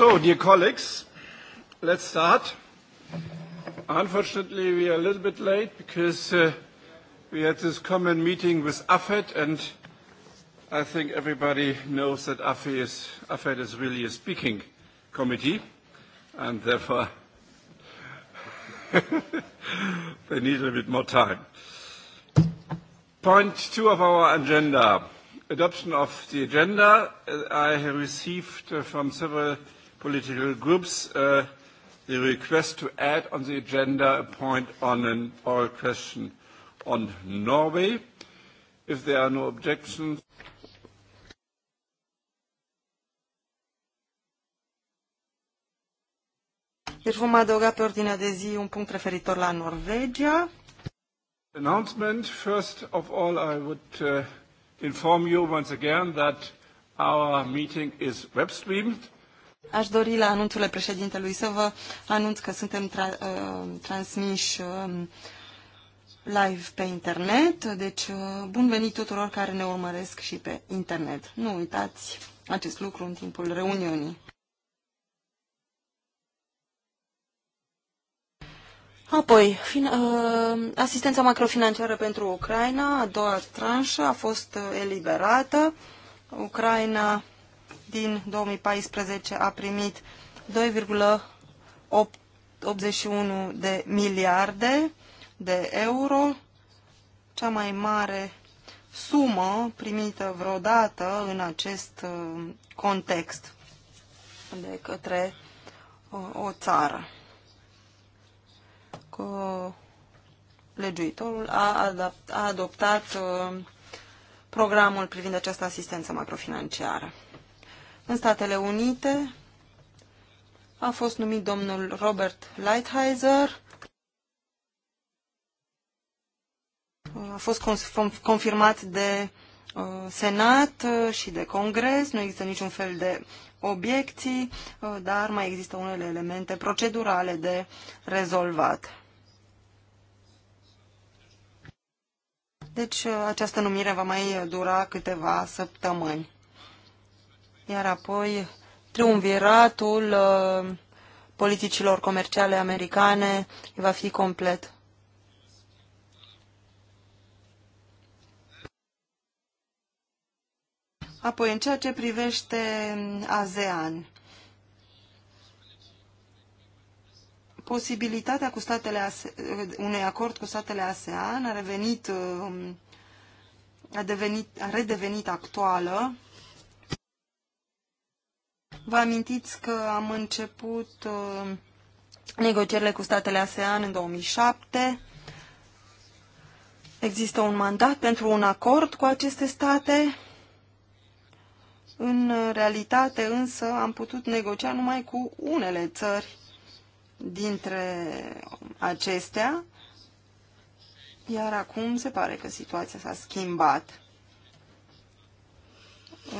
So, dear colleagues, let's start. Unfortunately, we are a little bit late because uh, we had this common meeting with AFED, and I think everybody knows that AFED is, AFED is really a speaking committee, and therefore they need a little bit more time. Point two of our agenda, adoption of the agenda. Uh, I have received uh, from several political groups uh, the request to add on the agenda a point on an oral question on Norway. If there are no objections. Deci vom adăuga pe ordinea de zi un punct referitor la Norvegia. Announcement. First of all, I would uh, inform you once again that our meeting is web streamed Aș dori la anunțurile președintelui să vă anunț că suntem tra- uh, transmiși um, live pe internet, deci uh, bun venit tuturor care ne urmăresc și pe internet. Nu uitați acest lucru în timpul reuniunii. Apoi, fin, uh, asistența macrofinanciară pentru Ucraina, a doua tranșă, a fost uh, eliberată. Ucraina din 2014 a primit 2,81 de miliarde de euro, cea mai mare sumă primită vreodată în acest uh, context de către uh, o țară. Că legiuitorul a, a adoptat uh, programul privind această asistență macrofinanciară. În Statele Unite a fost numit domnul Robert Lighthizer. A fost confirmat de uh, Senat uh, și de Congres, nu există niciun fel de obiecții, uh, dar mai există unele elemente procedurale de rezolvat. Deci această numire va mai dura câteva săptămâni iar apoi triumviratul uh, politicilor comerciale americane va fi complet. Apoi, în ceea ce privește ASEAN, posibilitatea cu statele ASEAN, unui acord cu statele ASEAN a revenit um, a, devenit, a redevenit actuală Vă amintiți că am început uh, negocierile cu statele ASEAN în 2007. Există un mandat pentru un acord cu aceste state. În realitate însă am putut negocia numai cu unele țări dintre acestea, iar acum se pare că situația s-a schimbat.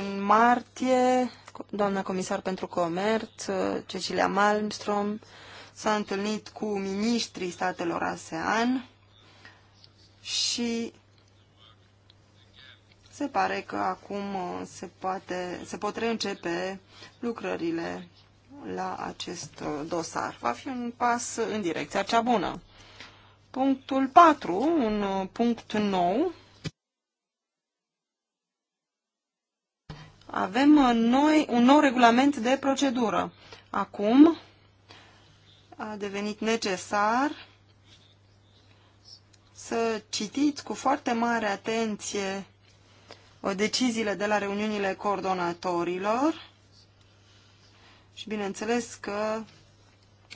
În martie doamna comisar pentru comerț, uh, Cecilia Malmström, s-a întâlnit cu miniștrii statelor ASEAN și se pare că acum uh, se, poate, se pot reîncepe lucrările la acest uh, dosar. Va fi un pas în direcția cea bună. Punctul 4, un punct nou, avem uh, noi, un nou regulament de procedură. Acum a devenit necesar să citiți cu foarte mare atenție uh, deciziile de la reuniunile coordonatorilor și bineînțeles că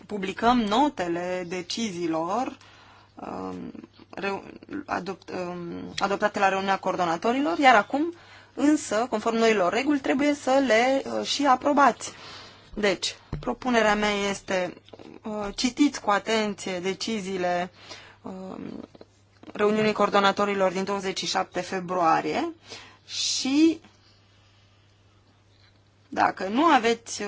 publicăm notele deciziilor um, um, adoptate la reuniunea coordonatorilor, iar acum însă, conform noilor reguli, trebuie să le uh, și aprobați. Deci, propunerea mea este uh, citiți cu atenție deciziile uh, reuniunii coordonatorilor din 27 februarie și dacă nu aveți,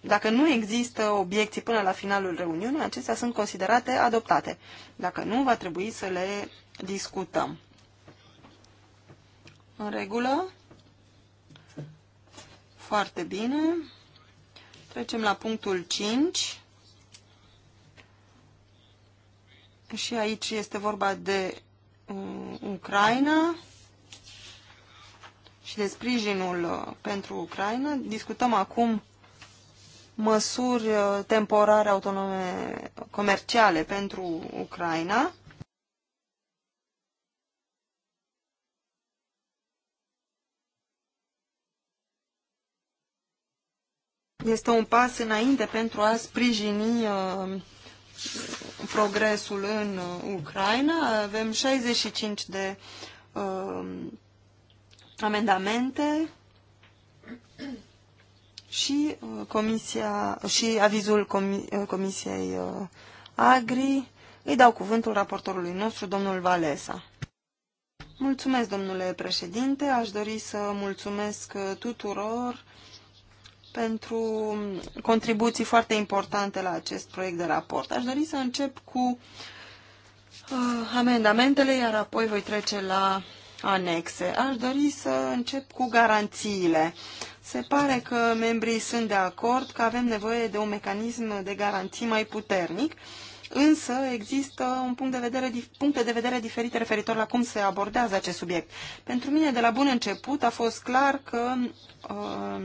dacă nu există obiecții până la finalul reuniunii, acestea sunt considerate adoptate. Dacă nu, va trebui să le discutăm. În regulă? Foarte bine. Trecem la punctul 5. Și aici este vorba de uh, Ucraina și de sprijinul uh, pentru Ucraina. Discutăm acum măsuri uh, temporare autonome comerciale pentru Ucraina. este un pas înainte pentru a sprijini uh, progresul în uh, Ucraina. Avem 65 de uh, amendamente și comisia și avizul comisiei Agri. Îi dau cuvântul raportorului nostru, domnul Valesa. Mulțumesc, domnule președinte. Aș dori să mulțumesc tuturor pentru contribuții foarte importante la acest proiect de raport. Aș dori să încep cu uh, amendamentele, iar apoi voi trece la anexe. Aș dori să încep cu garanțiile. Se pare că membrii sunt de acord că avem nevoie de un mecanism de garanții mai puternic, însă există un punct de vedere, puncte de vedere diferite referitor la cum se abordează acest subiect. Pentru mine, de la bun început, a fost clar că uh,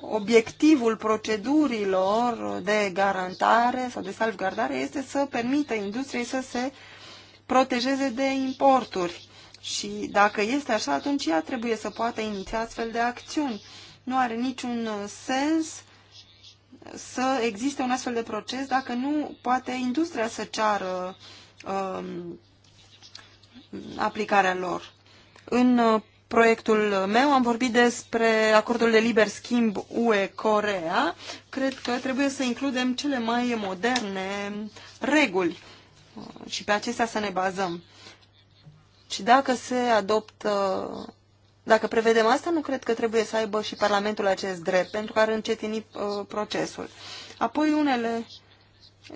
obiectivul procedurilor de garantare sau de salvgardare este să permită industriei să se protejeze de importuri. Și dacă este așa, atunci ea trebuie să poată iniția astfel de acțiuni. Nu are niciun sens să existe un astfel de proces dacă nu poate industria să ceară um, aplicarea lor. În uh, proiectul meu am vorbit despre acordul de liber schimb UE-Corea. Cred că trebuie să includem cele mai moderne reguli uh, și pe acestea să ne bazăm. Și dacă se adoptă, dacă prevedem asta, nu cred că trebuie să aibă și Parlamentul acest drept, pentru că ar încetini uh, procesul. Apoi unele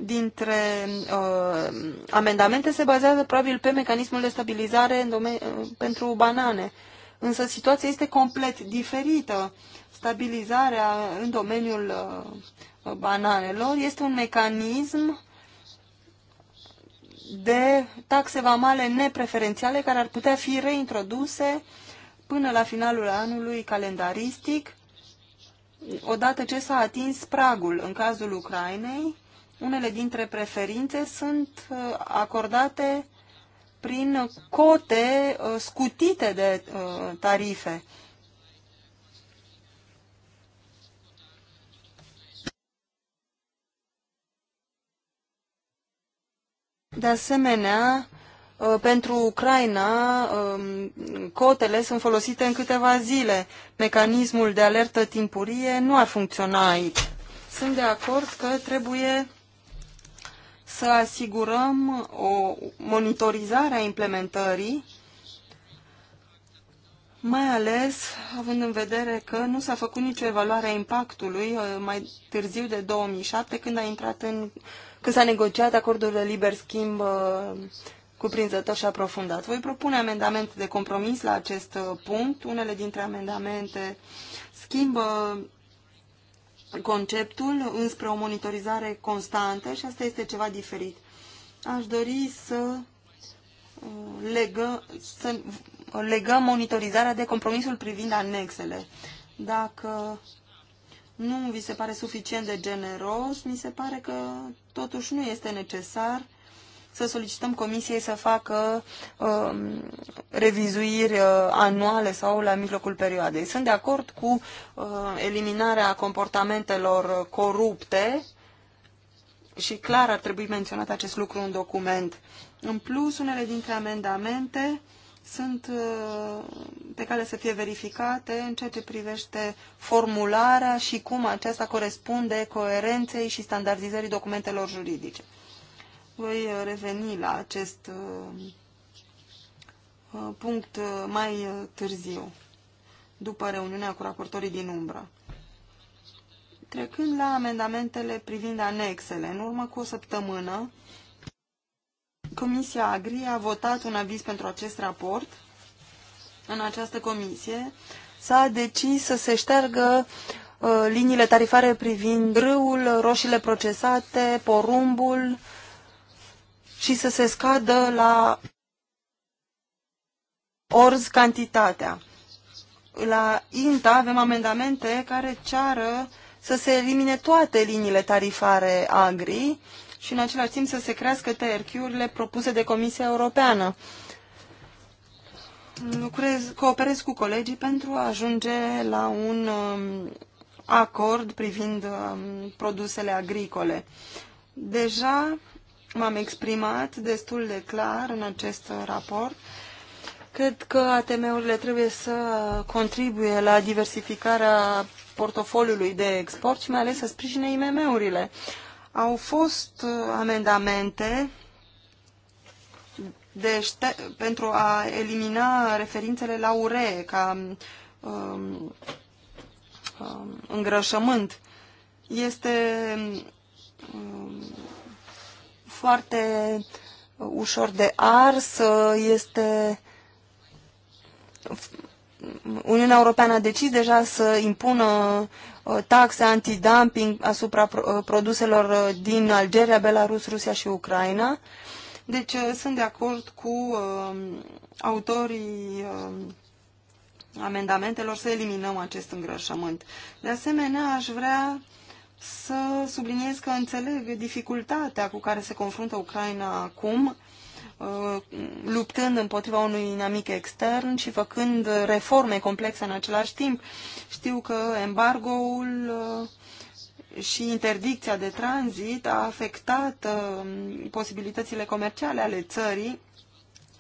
dintre uh, amendamente se bazează probabil pe mecanismul de stabilizare în uh, pentru banane. Uh, Însă situația este complet diferită. Stabilizarea în domeniul uh, bananelor este un mecanism de taxe vamale nepreferențiale care ar putea fi reintroduse până la finalul anului calendaristic, odată ce s-a atins pragul în cazul Ucrainei, unele dintre preferințe sunt uh, acordate prin cote uh, scutite de uh, tarife. De asemenea, uh, pentru Ucraina, um, cotele sunt folosite în câteva zile. Mecanismul de alertă timpurie nu a funcționat. aici. Sunt de acord că trebuie să asigurăm o monitorizare a implementării, mai ales având în vedere că nu s-a făcut nicio evaluare a impactului uh, mai târziu de 2007 când a intrat în când s-a negociat acordul de liber schimb uh, cuprinzător și aprofundat. Voi propune amendamente de compromis la acest uh, punct. Unele dintre amendamente schimbă conceptul înspre o monitorizare constantă și asta este ceva diferit. Aș dori să uh, legă, să legăm monitorizarea de compromisul privind anexele. Dacă nu vi se pare suficient de generos, mi se pare că totuși nu este necesar să solicităm comisiei să facă um, revizuiri uh, anuale sau la mijlocul perioadei. Sunt de acord cu uh, eliminarea comportamentelor corupte și clar ar trebui menționat acest lucru în document. În plus, unele dintre amendamente sunt uh, pe care să fie verificate în ceea ce privește formularea și cum aceasta corespunde coerenței și standardizării documentelor juridice voi uh, reveni la acest uh, uh, punct mai târziu, după reuniunea cu raportorii din umbră. Trecând la amendamentele privind anexele, în urmă cu o săptămână, Comisia Agri a votat un aviz pentru acest raport. În această comisie s-a decis să se șteargă uh, liniile tarifare privind râul, roșiile procesate, porumbul, și să se scadă la orz cantitatea. La INTA avem amendamente care ceară să se elimine toate liniile tarifare agri și în același timp să se crească TRQ-urile propuse de Comisia Europeană. Lucrez, cooperez cu colegii pentru a ajunge la un um, acord privind um, produsele agricole. Deja M-am exprimat destul de clar în acest raport. Cred că ATM-urile trebuie să contribuie la diversificarea portofoliului de export și mai ales să sprijine IMM-urile. Au fost uh, amendamente de pentru a elimina referințele la URE ca um, um, îngrășământ. Este um, foarte ușor de ars, este... Uniunea Europeană a decis deja să impună uh, taxe antidumping asupra uh, produselor uh, din Algeria, Belarus, Rusia și Ucraina. Deci sunt de acord cu um, autorii um, amendamentelor să eliminăm acest îngrășământ. De asemenea, aș vrea să subliniez că înțeleg dificultatea cu care se confruntă Ucraina acum, uh, luptând împotriva unui inamic extern și făcând reforme complexe în același timp. Știu că embargoul uh, și interdicția de tranzit a afectat uh, posibilitățile comerciale ale țării,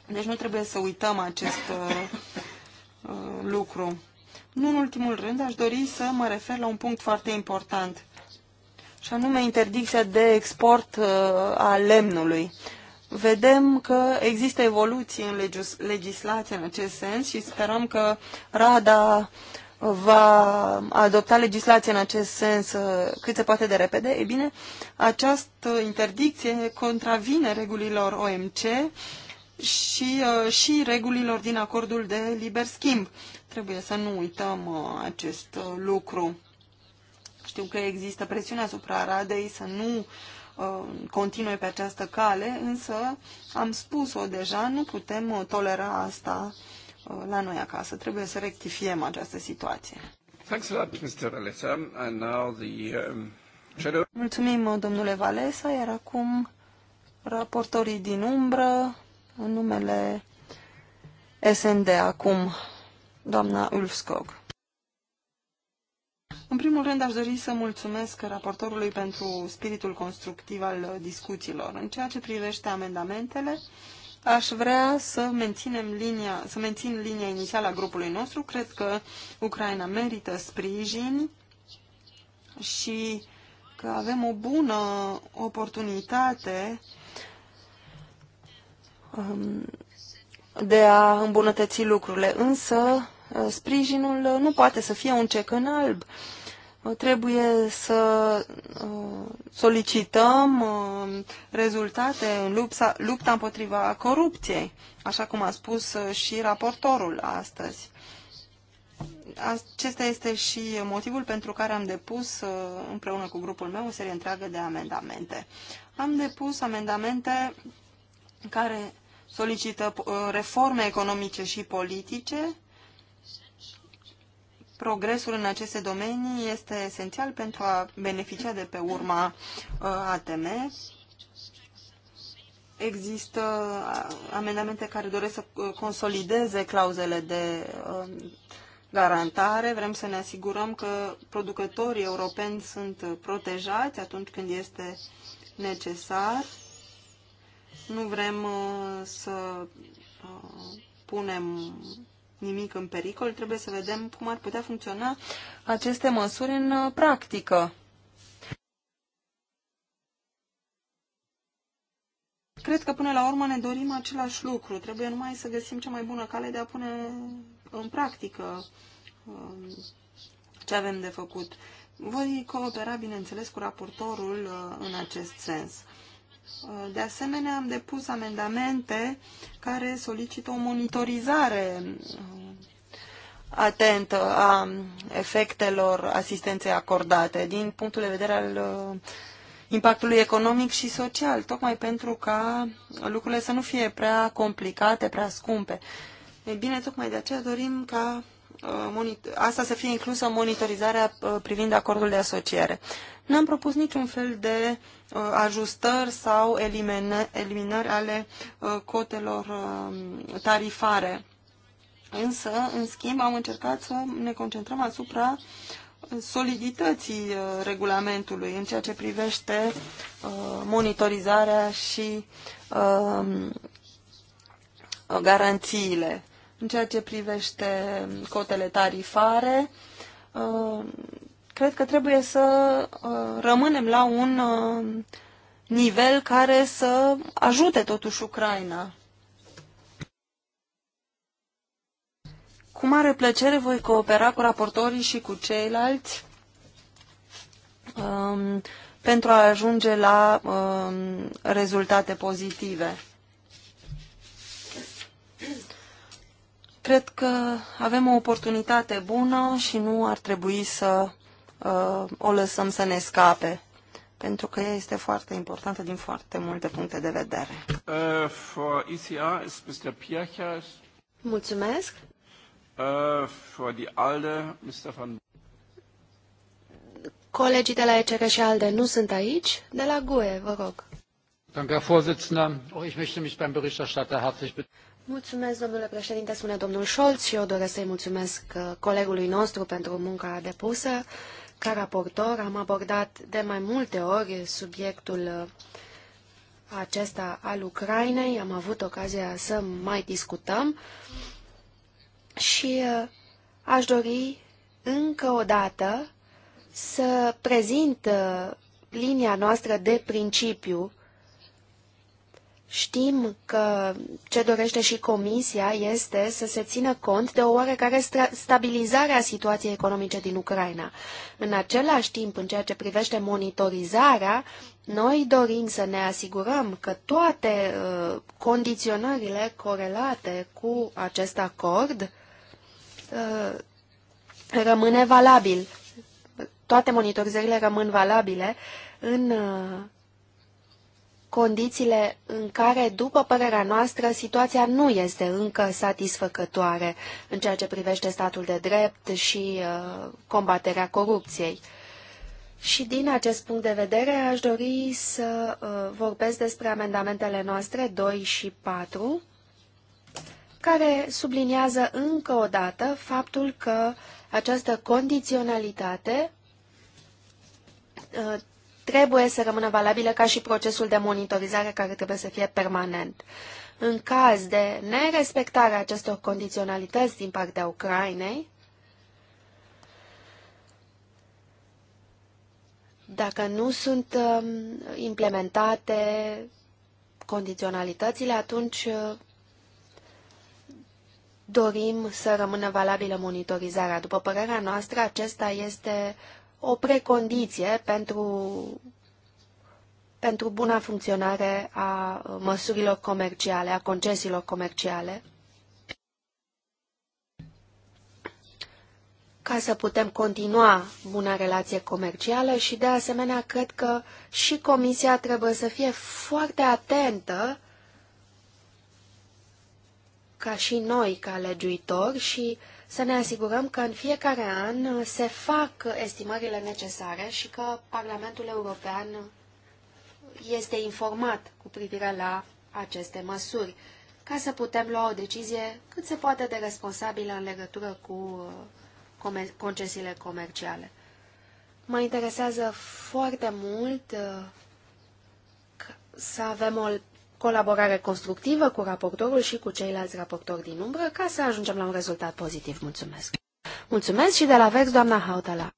deci nu trebuie să uităm acest lucru. Nu în ultimul rând, aș dori să mă refer la un punct foarte important și anume interdicția de export uh, a lemnului. Vedem că există evoluții în legislație în acest sens și sperăm că RADA uh, va adopta legislație în acest sens uh, cât se poate de repede, e bine, această interdicție contravine regulilor OMC și, și regulilor din acordul de liber schimb. Trebuie să nu uităm acest lucru. Știu că există presiune asupra Radei să nu uh, continue pe această cale, însă am spus-o deja, nu putem uh, tolera asta uh, la noi acasă. Trebuie să rectifiem această situație. Um, Mulțumim, domnule Valesa, iar acum raportorii din umbră, în numele SND acum, doamna Ulfskog. În primul rând, aș dori să mulțumesc raportorului pentru spiritul constructiv al discuțiilor. În ceea ce privește amendamentele, aș vrea să, menținem linia, să mențin linia inițială a grupului nostru. Cred că Ucraina merită sprijin și că avem o bună oportunitate um, de a îmbunătăți lucrurile, însă uh, sprijinul nu poate să fie un cec în alb trebuie să uh, solicităm uh, rezultate în lupta, lupta împotriva corupției, așa cum a spus uh, și raportorul astăzi. Acesta este și motivul pentru care am depus împreună cu grupul meu o serie întreagă de amendamente. Am depus amendamente care solicită reforme economice și politice, Progresul în aceste domenii este esențial pentru a beneficia de pe urma uh, ATM. Există uh, amendamente care doresc să uh, consolideze clauzele de garantare. Vrem să ne asigurăm că producătorii europeni sunt protejați atunci când este necesar. Nu vrem să punem nimic în pericol, trebuie să vedem cum ar putea funcționa aceste măsuri în uh, practică. Cred că până la urmă ne dorim același lucru. Trebuie numai să găsim cea mai bună cale de a pune în practică uh, ce avem de făcut. Voi coopera, bineînțeles, cu raportorul uh, în acest sens. De asemenea, am depus amendamente care solicită o monitorizare um, atentă a efectelor asistenței acordate din punctul de vedere al uh, impactului economic și social, tocmai pentru ca lucrurile să nu fie prea complicate, prea scumpe. Ei bine, tocmai de aceea dorim ca asta să fie inclusă monitorizarea uh, privind acordul de asociere. N-am propus niciun fel de uh, ajustări sau eliminări ale uh, cotelor um, tarifare. Însă, în schimb, am încercat să ne concentrăm asupra solidității regulamentului în ceea ce privește monitorizarea și um, garanțiile în ceea ce privește cotele tarifare, uh, cred că trebuie să uh, rămânem la un uh, nivel care să ajute totuși Ucraina. Cu mare plăcere voi coopera cu raportorii și cu ceilalți um, pentru a ajunge la um, rezultate pozitive. Cred că avem o oportunitate bună și nu ar trebui să uh, o lăsăm să ne scape, pentru că ea este foarte importantă din foarte multe puncte de vedere. Uh, Mulțumesc. Uh, Colegii de la ECR și ALDE nu sunt aici. De la GUE, vă rog. Danke, Herr Vorsitzender. Auch oh, ich möchte mich beim Berichterstatter herzlich bedanken. Mulțumesc, domnule președinte, spune domnul Scholz și eu doresc să-i mulțumesc uh, colegului nostru pentru munca depusă. Ca raportor am abordat de mai multe ori subiectul uh, acesta al Ucrainei, am avut ocazia să mai discutăm și uh, aș dori încă o dată să prezint linia noastră de principiu Știm că ce dorește și Comisia este să se țină cont de o oarecare stabilizare a situației economice din Ucraina. În același timp, în ceea ce privește monitorizarea, noi dorim să ne asigurăm că toate uh, condiționările corelate cu acest acord uh, rămâne valabil. Toate monitorizările rămân valabile în uh, condițiile în care, după părerea noastră, situația nu este încă satisfăcătoare în ceea ce privește statul de drept și uh, combaterea corupției. Și din acest punct de vedere aș dori să uh, vorbesc despre amendamentele noastre 2 și 4, care subliniază încă o dată faptul că această condiționalitate uh, trebuie să rămână valabilă ca și procesul de monitorizare care trebuie să fie permanent. În caz de nerespectarea acestor condiționalități din partea Ucrainei, dacă nu sunt um, implementate condiționalitățile, atunci uh, dorim să rămână valabilă monitorizarea. După părerea noastră, acesta este o precondiție pentru, pentru buna funcționare a măsurilor comerciale, a concesiilor comerciale, ca să putem continua buna relație comercială și, de asemenea, cred că și Comisia trebuie să fie foarte atentă ca și noi, ca legiuitori și uh, să ne asigurăm că în fiecare an uh, se fac uh, estimările necesare și că Parlamentul European uh, este informat cu privire la aceste măsuri, ca să putem lua o decizie cât se poate de responsabilă în legătură cu comer concesiile comerciale. Mă interesează foarte mult să avem o colaborare constructivă cu raportorul și cu ceilalți raportori din umbră ca să ajungem la un rezultat pozitiv. Mulțumesc! Mulțumesc și de la vers, doamna Hautala.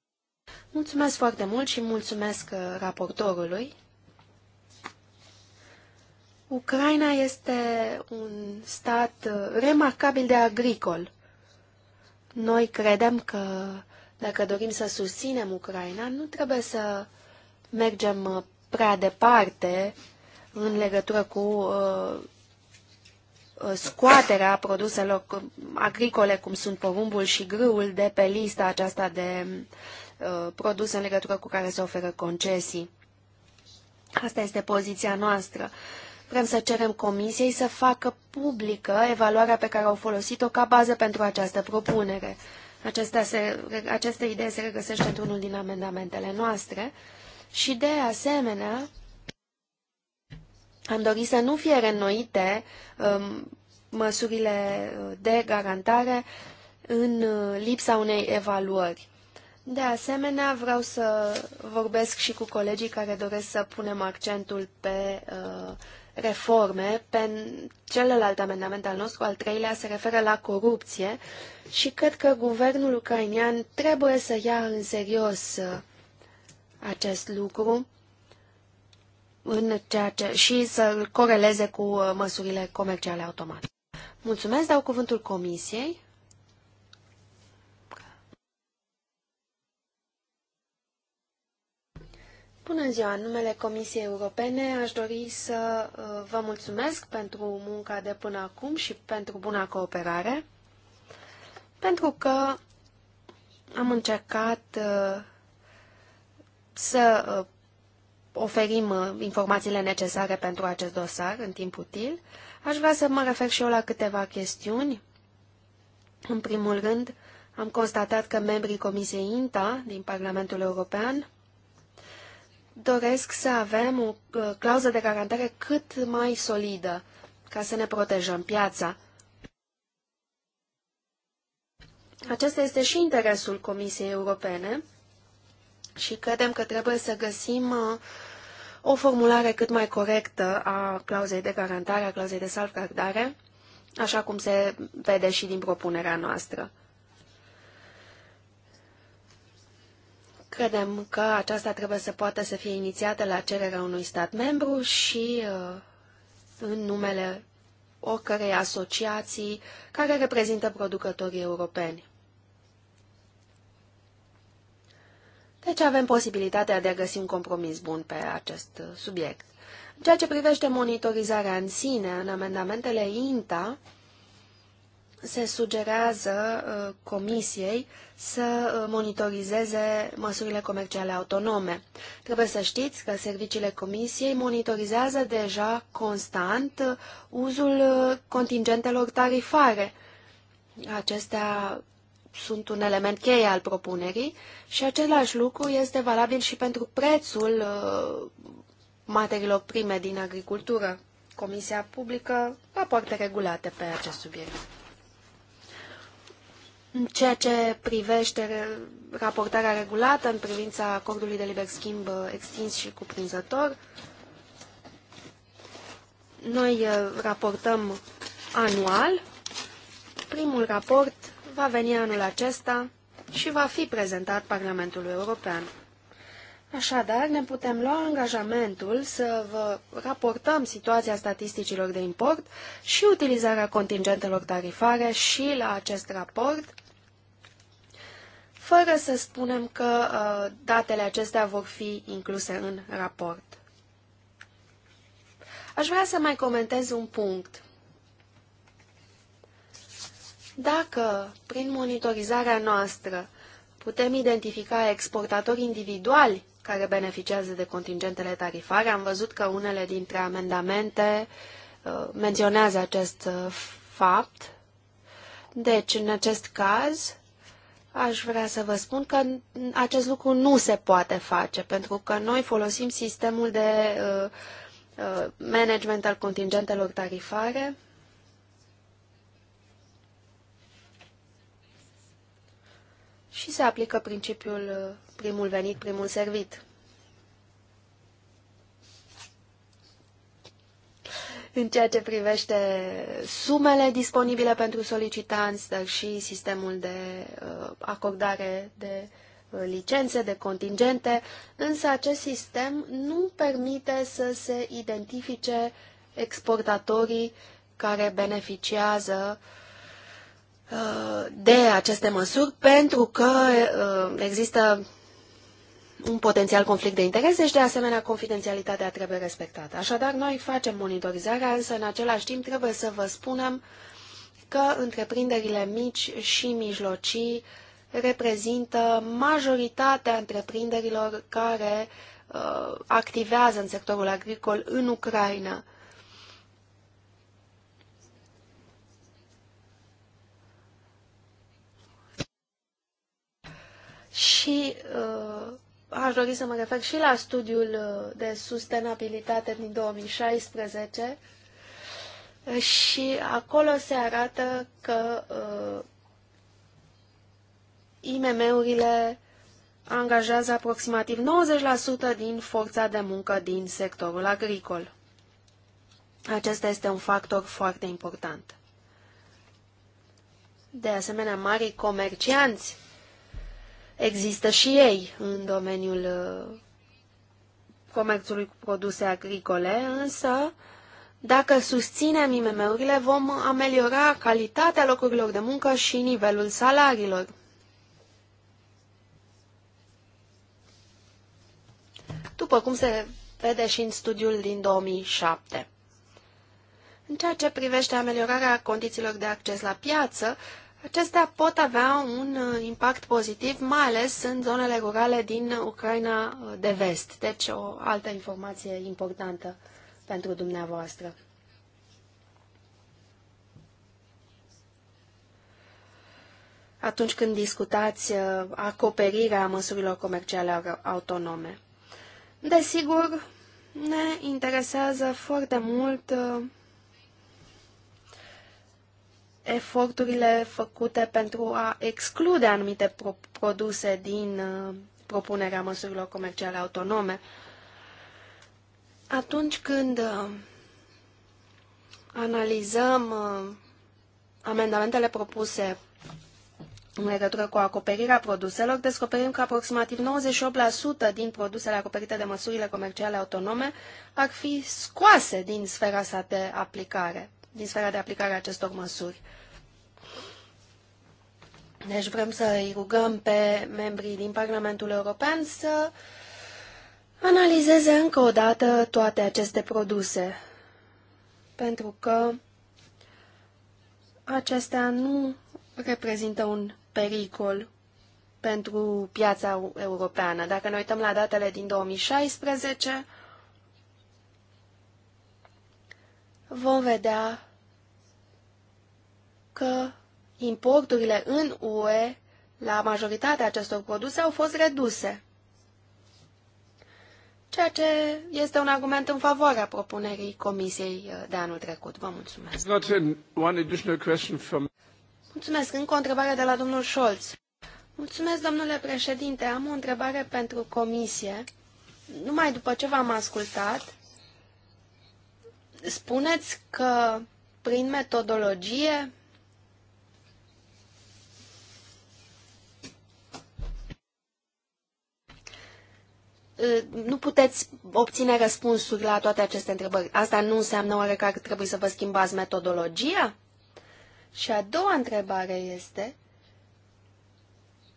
Mulțumesc foarte mult și mulțumesc uh, raportorului. Ucraina este un stat uh, remarcabil de agricol. Noi credem că dacă dorim să susținem Ucraina, nu trebuie să mergem uh, prea departe în legătură cu uh, uh, scoaterea produselor agricole, cum sunt porumbul și grâul, de pe lista aceasta de uh, produse în legătură cu care se oferă concesii. Asta este poziția noastră. Vrem să cerem comisiei să facă publică evaluarea pe care au folosit-o ca bază pentru această propunere. Acestea se, această idee se regăsește într-unul din amendamentele noastre și, de asemenea, am dorit să nu fie reînnoite um, măsurile de garantare în uh, lipsa unei evaluări. De asemenea, vreau să vorbesc și cu colegii care doresc să punem accentul pe uh, reforme. Pe celălalt amendament al nostru, al treilea, se referă la corupție și cred că guvernul ucrainian trebuie să ia în serios uh, acest lucru în ceea ce, și să coreleze cu uh, măsurile comerciale automate. Mulțumesc, dau cuvântul Comisiei. Bună ziua! În numele Comisiei Europene aș dori să uh, vă mulțumesc pentru munca de până acum și pentru buna cooperare, pentru că am încercat uh, să oferim uh, informațiile necesare pentru acest dosar în timp util. Aș vrea să mă refer și eu la câteva chestiuni. În primul rând, am constatat că membrii Comisiei INTA din Parlamentul European doresc să avem o uh, clauză de garantare cât mai solidă ca să ne protejăm piața. Acesta este și interesul Comisiei Europene, și credem că trebuie să găsim uh, o formulare cât mai corectă a clauzei de garantare, a clauzei de salvgardare, așa cum se vede și din propunerea noastră. Credem că aceasta trebuie să poată să fie inițiată la cererea unui stat membru și uh, în numele oricărei asociații care reprezintă producătorii europeni. Deci avem posibilitatea de a găsi un compromis bun pe acest subiect. În ceea ce privește monitorizarea în sine, în amendamentele INTA, se sugerează uh, comisiei să uh, monitorizeze măsurile comerciale autonome. Trebuie să știți că serviciile comisiei monitorizează deja constant uh, uzul contingentelor tarifare. Acestea sunt un element cheie al propunerii și același lucru este valabil și pentru prețul uh, materiilor prime din agricultură. Comisia publică rapoarte regulate pe acest subiect. În ceea ce privește raportarea regulată în privința acordului de liber schimb uh, extins și cuprinzător, noi uh, raportăm anual. Primul raport va veni anul acesta și va fi prezentat Parlamentului European. Așadar, ne putem lua angajamentul să vă raportăm situația statisticilor de import și utilizarea contingentelor tarifare și la acest raport, fără să spunem că uh, datele acestea vor fi incluse în raport. Aș vrea să mai comentez un punct. Dacă, prin monitorizarea noastră, putem identifica exportatori individuali care beneficiază de contingentele tarifare, am văzut că unele dintre amendamente uh, menționează acest uh, fapt. Deci, în acest caz, aș vrea să vă spun că acest lucru nu se poate face, pentru că noi folosim sistemul de uh, management al contingentelor tarifare și se aplică principiul uh, primul venit, primul servit. În ceea ce privește sumele disponibile pentru solicitanți, dar și sistemul de uh, acordare de uh, licențe, de contingente, însă acest sistem nu permite să se identifice exportatorii care beneficiază uh, de aceste măsuri pentru că uh, există un potențial conflict de interese și, de asemenea, confidențialitatea trebuie respectată. Așadar, noi facem monitorizarea, însă, în același timp, trebuie să vă spunem că întreprinderile mici și mijlocii reprezintă majoritatea întreprinderilor care uh, activează în sectorul agricol în Ucraina. Și uh, aș dori să mă refer și la studiul uh, de sustenabilitate din 2016 și acolo se arată că uh, IMM-urile angajează aproximativ 90% din forța de muncă din sectorul agricol. Acesta este un factor foarte important. De asemenea, marii comercianți există și ei în domeniul uh, comerțului cu produse agricole, însă dacă susținem IMM-urile, vom ameliora calitatea locurilor de muncă și nivelul salariilor. După cum se vede și în studiul din 2007. În ceea ce privește ameliorarea condițiilor de acces la piață, Acestea pot avea un uh, impact pozitiv, mai ales în zonele rurale din Ucraina uh, de vest. Deci o altă informație importantă pentru dumneavoastră. atunci când discutați uh, acoperirea măsurilor comerciale autonome. Desigur, ne interesează foarte mult eforturile făcute pentru a exclude anumite pro produse din uh, propunerea măsurilor comerciale autonome. Atunci când uh, analizăm uh, amendamentele propuse în legătură cu acoperirea produselor, descoperim că aproximativ 98% din produsele acoperite de măsurile comerciale autonome ar fi scoase din sfera sa de aplicare din sfera de aplicare a acestor măsuri. Deci vrem să îi rugăm pe membrii din Parlamentul European să analizeze încă o dată toate aceste produse, pentru că acestea nu reprezintă un pericol pentru piața europeană. Dacă ne uităm la datele din 2016, vom vedea că importurile în UE la majoritatea acestor produse au fost reduse, ceea ce este un argument în favoarea propunerii Comisiei uh, de anul trecut. Vă mulțumesc. Mulțumesc. Încă o întrebare de la domnul Scholz. Mulțumesc, domnule președinte. Am o întrebare pentru Comisie. Numai după ce v-am ascultat, spuneți că prin metodologie ă, nu puteți obține răspunsuri la toate aceste întrebări. Asta nu înseamnă oare că ar trebui să vă schimbați metodologia? Și a doua întrebare este,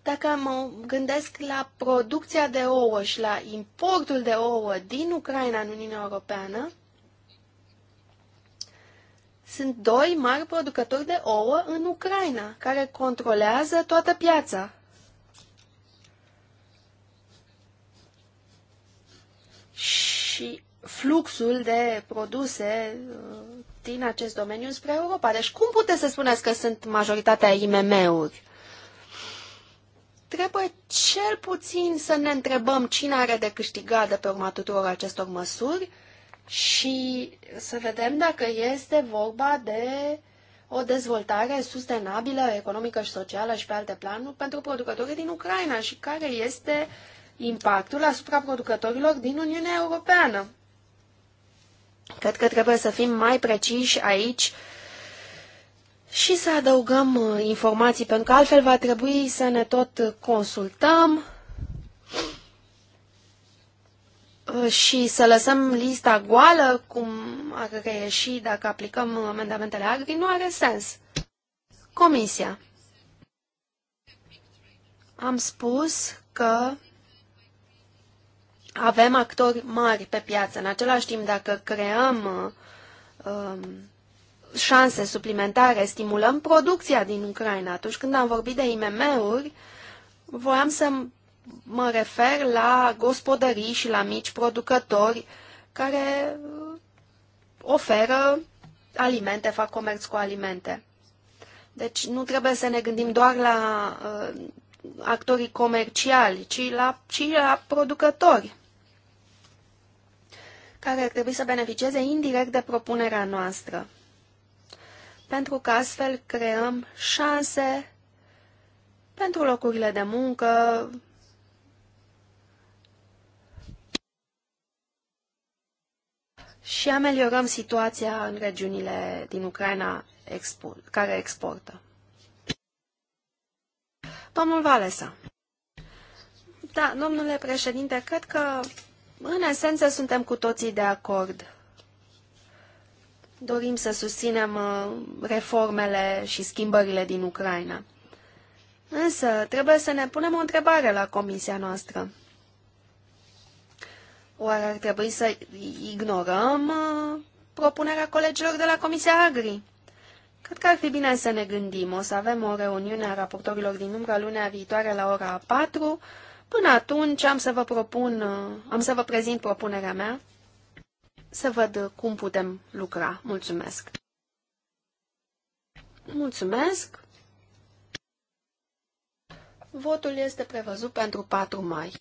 dacă mă gândesc la producția de ouă și la importul de ouă din Ucraina în Uniunea Europeană, sunt doi mari producători de ouă în Ucraina, care controlează toată piața. Și fluxul de produse uh, din acest domeniu spre Europa. Deci cum puteți să spuneți că sunt majoritatea IMM-uri? Trebuie cel puțin să ne întrebăm cine are de câștigat de pe urma tuturor acestor măsuri și să vedem dacă este vorba de o dezvoltare sustenabilă, economică și socială și pe alte planuri pentru producătorii din Ucraina și care este impactul asupra producătorilor din Uniunea Europeană. Cred că trebuie să fim mai preciși aici și să adăugăm uh, informații, pentru că altfel va trebui să ne tot consultăm și să lăsăm lista goală, cum ar reieși dacă aplicăm amendamentele agri, nu are sens. Comisia. Am spus că avem actori mari pe piață. În același timp, dacă creăm um, șanse suplimentare, stimulăm producția din Ucraina. Atunci când am vorbit de IMM-uri, voiam să mă refer la gospodării și la mici producători care oferă alimente, fac comerț cu alimente. Deci nu trebuie să ne gândim doar la uh, actorii comerciali, ci la, ci la producători care ar trebui să beneficieze indirect de propunerea noastră. Pentru că astfel creăm șanse pentru locurile de muncă, și ameliorăm situația în regiunile din Ucraina care exportă. Domnul Valesa. Da, domnule președinte, cred că în esență suntem cu toții de acord. Dorim să susținem uh, reformele și schimbările din Ucraina. Însă, trebuie să ne punem o întrebare la comisia noastră. Oare ar trebui să ignorăm uh, propunerea colegilor de la Comisia Agri? Cred că ar fi bine să ne gândim. O să avem o reuniune a raportorilor din umbra lunea viitoare la ora 4. Până atunci am să vă propun, uh, am să vă prezint propunerea mea să văd cum putem lucra. Mulțumesc! Mulțumesc! Votul este prevăzut pentru 4 mai.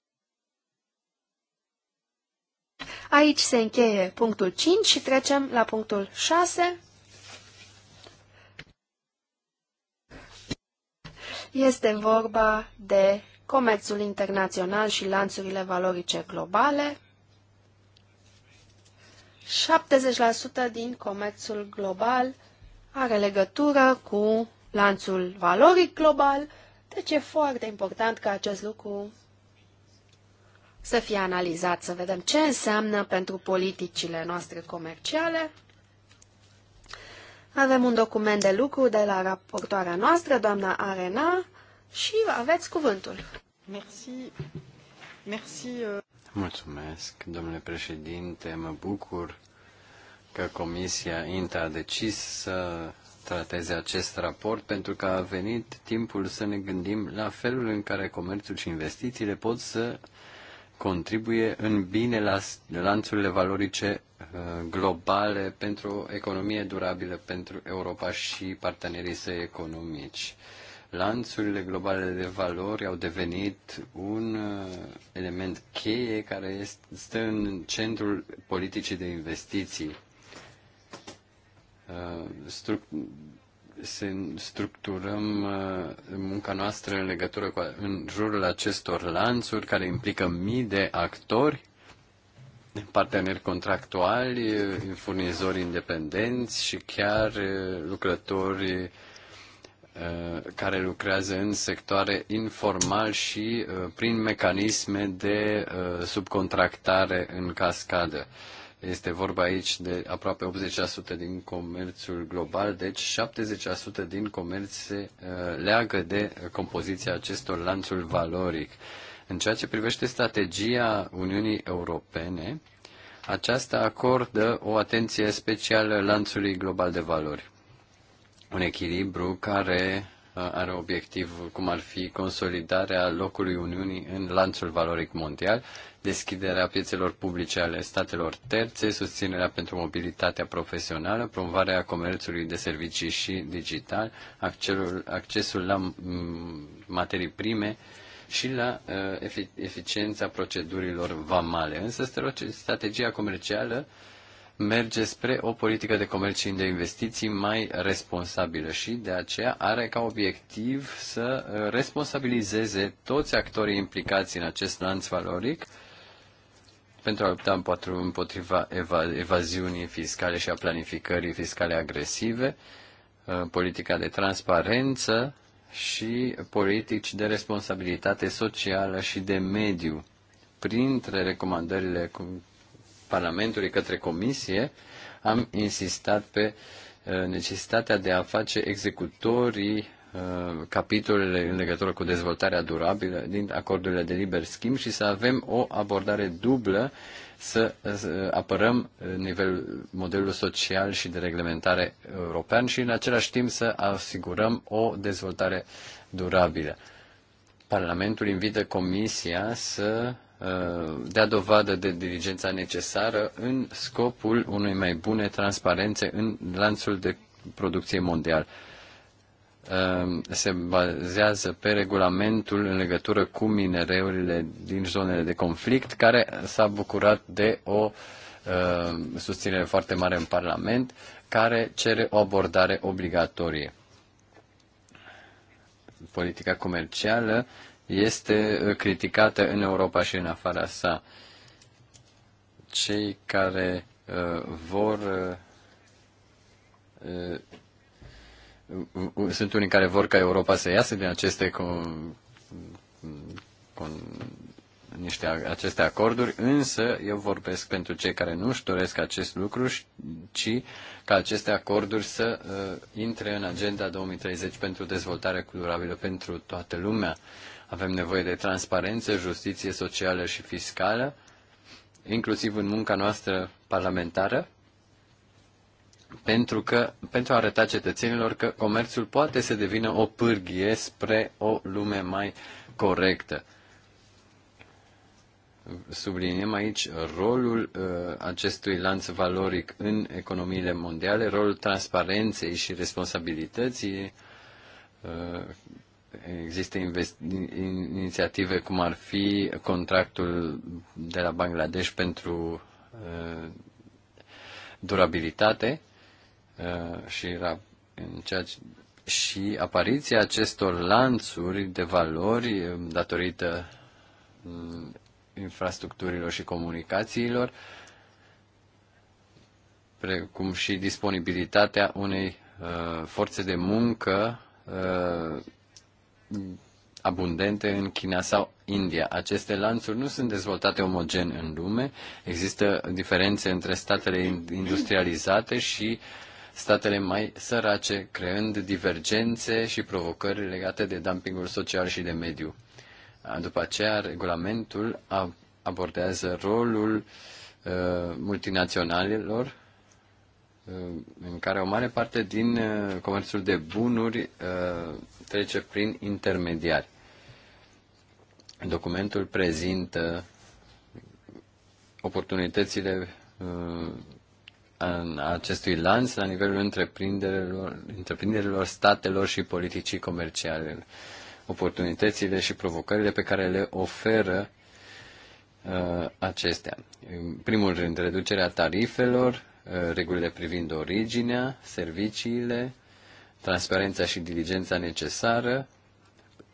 Aici se încheie punctul 5 și trecem la punctul 6. Este vorba de comerțul internațional și lanțurile valorice globale. 70% din comerțul global are legătură cu lanțul valoric global, deci e foarte important ca acest lucru să fie analizat, să vedem ce înseamnă pentru politicile noastre comerciale. Avem un document de lucru de la raportoarea noastră, doamna Arena, și aveți cuvântul. Merci. Merci. Uh. Mulțumesc, domnule președinte. Mă bucur că Comisia INTA a decis să trateze acest raport pentru că a venit timpul să ne gândim la felul în care comerțul și investițiile pot să contribuie în bine la lanțurile valorice uh, globale pentru o economie durabilă pentru Europa și partenerii săi economici. Lanțurile globale de valori au devenit un uh, element cheie care este, stă în centrul politicii de investiții uh, se structurăm uh, munca noastră în legătură cu, în jurul acestor lanțuri care implică mii de actori, parteneri contractuali, uh, furnizori independenți și chiar uh, lucrători care lucrează în sectoare informal și prin mecanisme de subcontractare în cascadă. Este vorba aici de aproape 80% din comerțul global, deci 70% din comerț se uh, leagă de compoziția acestor lanțuri valoric. În ceea ce privește strategia Uniunii Europene, aceasta acordă o atenție specială lanțului global de valori. Un echilibru care are obiectiv cum ar fi consolidarea locului Uniunii în lanțul valoric mondial, deschiderea piețelor publice ale statelor terțe, susținerea pentru mobilitatea profesională, promovarea comerțului de servicii și digital, accesul, accesul la mm, materii prime și la uh, eficiența procedurilor vamale. Însă strategia comercială merge spre o politică de comerț și de investiții mai responsabilă și de aceea are ca obiectiv să uh, responsabilizeze toți actorii implicați în acest lanț valoric pentru a lupta împotriva evaziunii fiscale și a planificării fiscale agresive, uh, politica de transparență și politici de responsabilitate socială și de mediu. Printre recomandările Parlamentului către Comisie, am insistat pe uh, necesitatea de a face executorii uh, capitolele în legătură cu dezvoltarea durabilă din acordurile de liber schimb și să avem o abordare dublă să apărăm uh, nivelul modelul social și de reglementare european și în același timp să asigurăm o dezvoltare durabilă. Parlamentul invită Comisia să Uh, dea dovadă de diligența necesară în scopul unei mai bune transparențe în lanțul de producție mondial. Uh, se bazează pe regulamentul în legătură cu minereurile din zonele de conflict, care s-a bucurat de o uh, susținere foarte mare în Parlament, care cere o abordare obligatorie. Politica comercială este uh, criticată în Europa și în afara sa. Cei care uh, vor uh, sunt unii care vor ca Europa să iasă din aceste con, con, niște, aceste acorduri, însă eu vorbesc pentru cei care nu își doresc acest lucru, ci ca aceste acorduri să uh, intre în agenda 2030 pentru dezvoltare durabilă pentru toată lumea. Uh, avem nevoie de transparență, justiție socială și fiscală, inclusiv în munca noastră parlamentară, pentru, că, pentru a arăta cetățenilor că comerțul poate să devină o pârghie spre o lume mai corectă. Subliniem aici rolul uh, acestui lanț valoric în economiile mondiale, rolul transparenței și responsabilității uh, există inițiative cum ar fi contractul de la Bangladesh pentru uh, durabilitate uh, și, în ceea ce, și apariția acestor lanțuri de valori um, datorită um, infrastructurilor și comunicațiilor, precum și disponibilitatea unei uh, forțe de muncă uh, abundente în China sau India. Aceste lanțuri nu sunt dezvoltate omogen în lume. Există diferențe între statele industrializate și statele mai sărace, creând divergențe și provocări legate de dumpingul social și de mediu. După aceea, regulamentul abordează rolul uh, multinaționalelor în care o mare parte din uh, comerțul de bunuri uh, trece prin intermediari. Documentul prezintă oportunitățile uh, în acestui lanț la nivelul întreprinderilor, întreprinderilor statelor și politicii comerciale, oportunitățile și provocările pe care le oferă acestea. În primul rând, reducerea tarifelor, Uh, regulile privind originea, serviciile, transparența și diligența necesară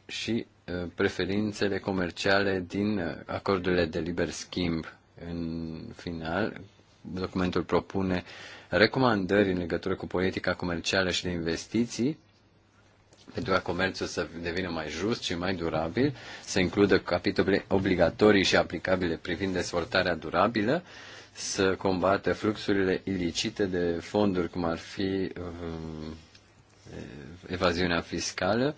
și uh, preferințele comerciale din uh, acordurile de liber schimb. În final, documentul propune recomandări în legătură cu politica comercială și de investiții pentru ca comerțul să devină mai just și mai durabil, să includă capitole obligatorii și aplicabile privind dezvoltarea durabilă, să combată fluxurile ilicite de fonduri, cum ar fi um, evaziunea fiscală,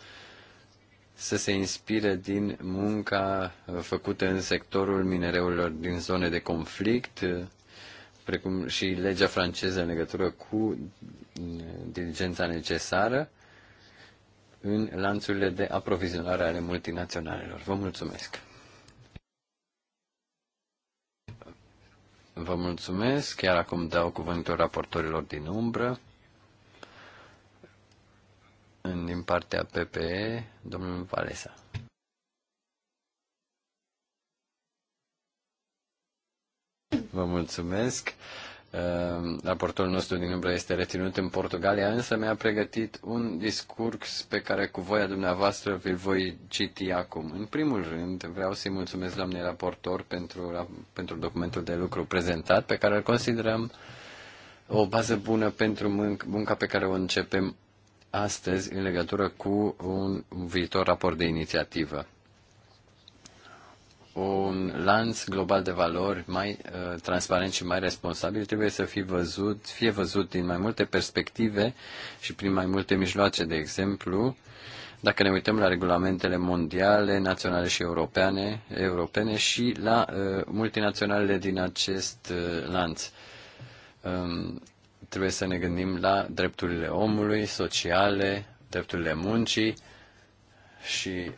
să se inspire din munca făcută în sectorul minereurilor din zone de conflict, precum și legea franceză în legătură cu uh, diligența necesară în lanțurile de aprovizionare ale multinaționalelor. Vă mulțumesc! Vă mulțumesc. Chiar acum dau cuvântul raportorilor din umbră. Din partea PPE, domnul Valesa. Vă mulțumesc. Ehm, Raportul nostru din umbră este reținut în Portugalia, însă mi-a pregătit un discurs pe care cu voia dumneavoastră vi voi citi acum. În primul rând, vreau să-i mulțumesc doamnei raportor pentru, pentru documentul de lucru prezentat, pe care îl considerăm o bază bună pentru munca pe care o începem astăzi în legătură cu un viitor raport de inițiativă un lanț global de valori mai uh, transparent și mai responsabil trebuie să fie văzut, fie văzut din mai multe perspective și prin mai multe mijloace, de exemplu, dacă ne uităm la regulamentele mondiale, naționale și europeane, europene și la uh, multinaționalele din acest uh, lanț. Um, trebuie să ne gândim la drepturile omului, sociale, drepturile muncii și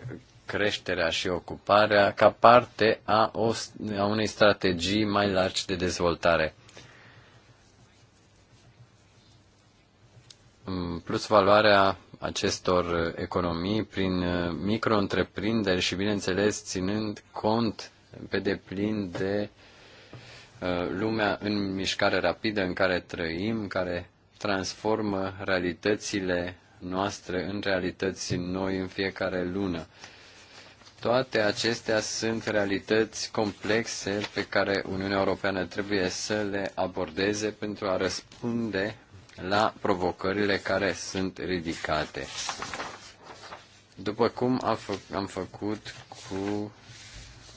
creșterea și ocuparea ca parte a, o, a unei strategii mai largi de dezvoltare. Plus valoarea acestor economii prin micro-întreprinderi și, bineînțeles, ținând cont pe deplin de uh, lumea în mișcare rapidă în care trăim, care transformă realitățile noastre în realități noi în fiecare lună. Toate acestea sunt realități complexe pe care Uniunea Europeană trebuie să le abordeze pentru a răspunde la provocările care sunt ridicate. După cum am, fă, am făcut cu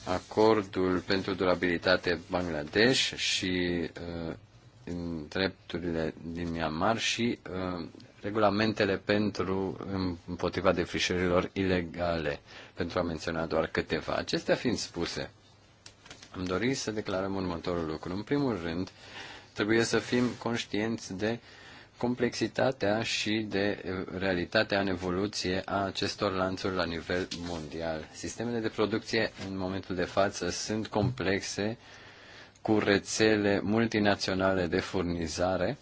acordul pentru durabilitate Bangladesh și uh, în drepturile din Myanmar și uh, regulamentele pentru împotriva defrișărilor ilegale pentru a menționa doar câteva. Acestea fiind spuse, am dorit să declarăm următorul lucru. În primul rând, trebuie să fim conștienți de complexitatea și de eh, realitatea în evoluție a acestor lanțuri la nivel mondial. Sistemele de producție în momentul de față sunt complexe, cu rețele multinaționale de furnizare,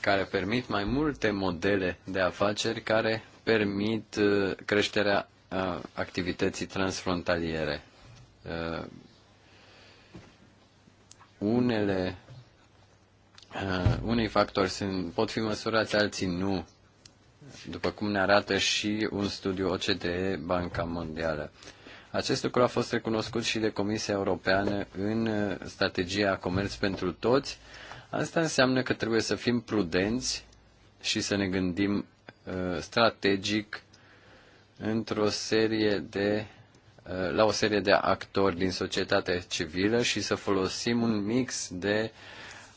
care permit mai multe modele de afaceri care permit eh, creșterea a activității transfrontaliere. Unele, unei factori sunt, pot fi măsurați, alții nu, după cum ne arată și un studiu OCDE Banca Mondială. Acest lucru a fost recunoscut și de Comisia Europeană în strategia Comerț pentru Toți. Asta înseamnă că trebuie să fim prudenți și să ne gândim strategic într-o serie de uh, la o serie de actori din societatea civilă și să folosim un mix de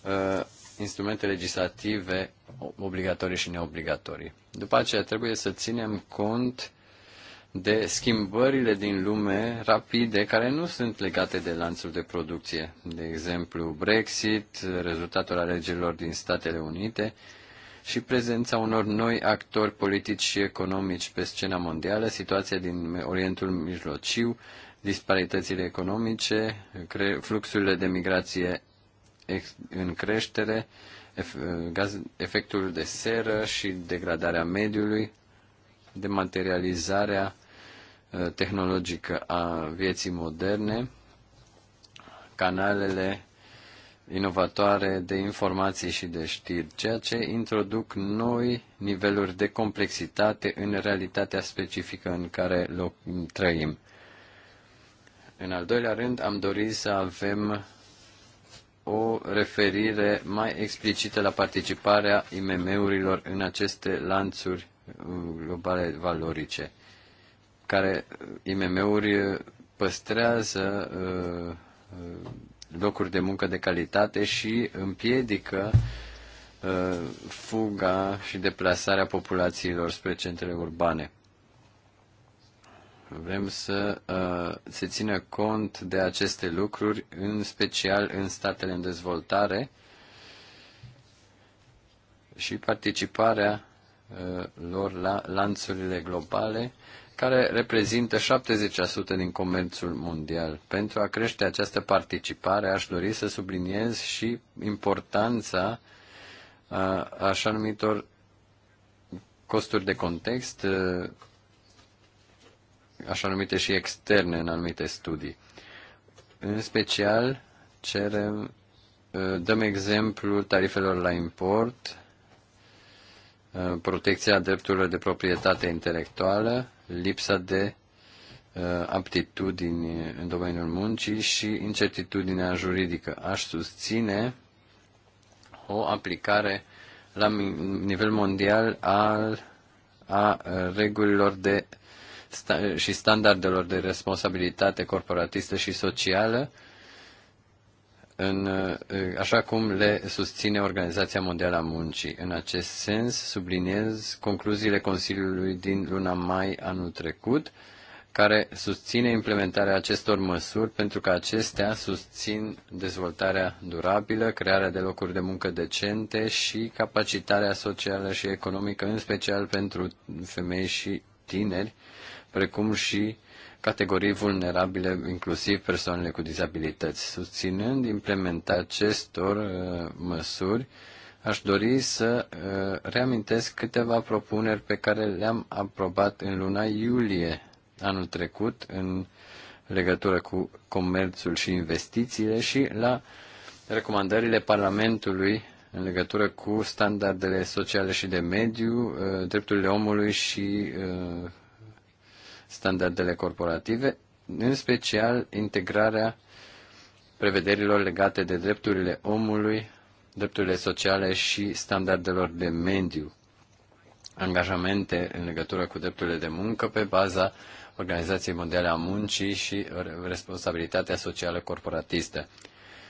uh, instrumente legislative obligatorii și neobligatorii. După aceea trebuie să ținem cont de schimbările din lume rapide care nu sunt legate de lanțul de producție. De exemplu, Brexit, rezultatul alegerilor din Statele Unite, uh, și prezența unor noi actori politici și economici pe scena mondială, situația din Orientul Mijlociu, disparitățile economice, fluxurile de migrație în creștere, efectul de seră și degradarea mediului, dematerializarea uh, tehnologică a vieții moderne, canalele inovatoare de informații și de știri, ceea ce introduc noi niveluri de complexitate în realitatea specifică în care trăim. În al doilea rând, am dorit să avem o referire mai explicită la participarea IMM-urilor în aceste lanțuri uh, globale valorice, care uh, IMM-uri păstrează uh, locuri de muncă de calitate și împiedică uh, fuga și deplasarea populațiilor spre centrele urbane. Vrem să uh, se țină cont de aceste lucruri, în special în statele în dezvoltare și participarea uh, lor la lanțurile globale care reprezintă 70% din comerțul mondial. Pentru a crește această participare, aș dori să subliniez și importanța așa numitor costuri de context, așa numite și externe în anumite studii. În special, cerem, dăm exemplul tarifelor la import, Uh, protecția drepturilor de proprietate intelectuală, lipsa de uh, aptitudini în domeniul muncii și incertitudinea juridică. Aș susține o aplicare la nivel mondial al, a uh, regulilor de sta, și standardelor de responsabilitate corporatistă și socială în, uh, așa cum le susține Organizația Mondială a Muncii. În acest sens, subliniez concluziile Consiliului din luna mai anul trecut, care susține implementarea acestor măsuri pentru că acestea susțin dezvoltarea durabilă, crearea de locuri de muncă decente și capacitarea socială și economică, în special pentru femei și tineri, precum și categorii vulnerabile, inclusiv persoanele cu dizabilități. Susținând implementarea acestor uh, măsuri, aș dori să uh, reamintesc câteva propuneri pe care le-am aprobat în luna iulie anul trecut în legătură cu comerțul și investițiile și la recomandările Parlamentului în legătură cu standardele sociale și de mediu, uh, drepturile omului și standardele corporative, în special integrarea prevederilor legate de drepturile omului, drepturile sociale și standardelor de mediu, angajamente în legătură cu drepturile de muncă pe baza Organizației Mondiale a Muncii și responsabilitatea socială corporatistă.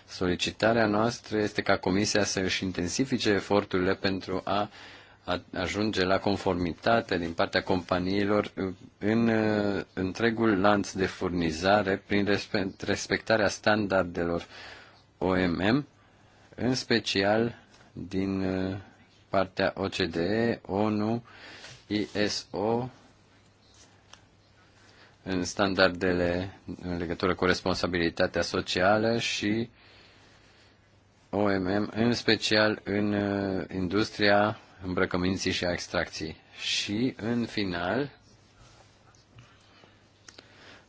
Solicitarea noastră este ca Comisia să își intensifice eforturile pentru a ajunge la conformitate din partea companiilor în uh, întregul lanț de furnizare prin respectarea standardelor OMM, în special din uh, partea OCDE, ONU, ISO, în standardele în legătură cu responsabilitatea socială și OMM, în special în uh, industria îmbrăcăminții și a extracției. Și, în final,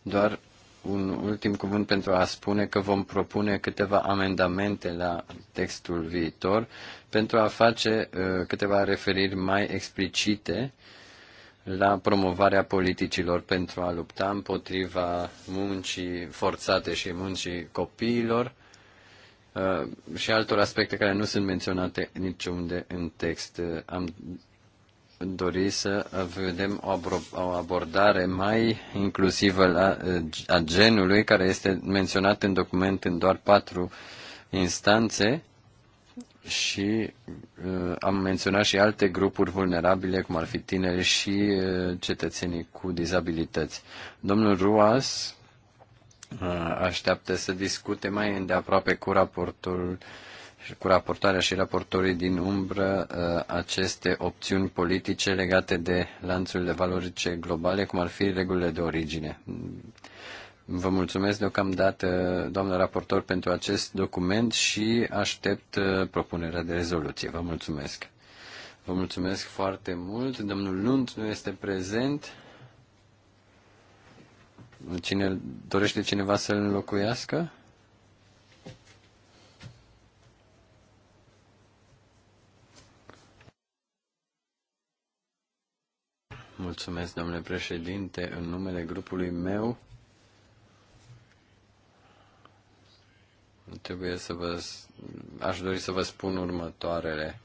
doar un ultim cuvânt pentru a spune că vom propune câteva amendamente la textul viitor pentru a face uh, câteva referiri mai explicite la promovarea politicilor pentru a lupta împotriva muncii forțate și muncii copiilor Uh, și altor aspecte care nu sunt menționate niciunde în text. Uh, am dori să vedem o abordare mai inclusivă la, uh, a genului, care este menționat în document în doar patru instanțe și uh, am menționat și alte grupuri vulnerabile, cum ar fi tineri și uh, cetățenii cu dizabilități. Domnul Ruas Uh, așteaptă să discute mai îndeaproape cu raportul cu raportarea și raportorii din umbră uh, aceste opțiuni politice legate de lanțurile valorice globale, cum ar fi regulile de origine. Vă mulțumesc deocamdată, doamnă raportor, pentru acest document și aștept uh, propunerea de rezoluție. Vă mulțumesc. Vă mulțumesc foarte mult. Domnul Lund nu este prezent. Cine dorește cineva să-l înlocuiască? Mulțumesc, domnule președinte, în numele grupului meu. Trebuie să vă... Aș dori să vă spun următoarele.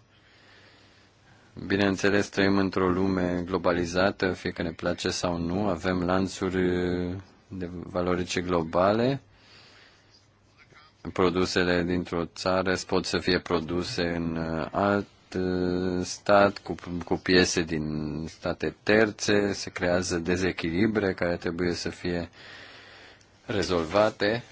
Bineînțeles, trăim într-o lume globalizată, fie că ne place sau nu, avem lanțuri uh, de valorice globale. Produsele dintr-o țară pot să fie produse în uh, alt uh, stat, cu, cu piese din state terțe, se creează dezechilibre care trebuie să fie rezolvate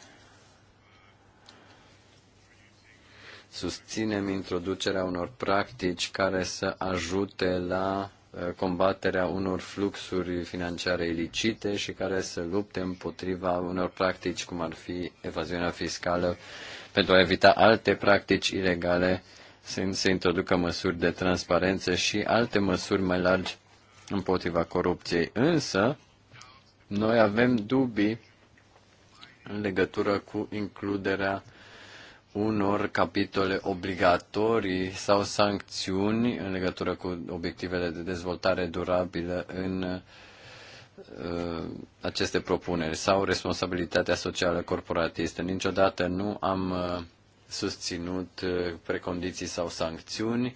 susținem introducerea unor practici care să ajute la uh, combaterea unor fluxuri financiare ilicite și care să lupte împotriva unor practici cum ar fi evaziunea fiscală pentru a evita alte practici ilegale, să se introducă măsuri de transparență și alte măsuri mai largi împotriva corupției. Însă, noi avem dubii în legătură cu includerea unor capitole obligatorii sau sancțiuni în legătură cu obiectivele de dezvoltare durabilă în uh, aceste propuneri sau responsabilitatea socială corporatistă. Niciodată nu am uh, susținut uh, precondiții sau sancțiuni.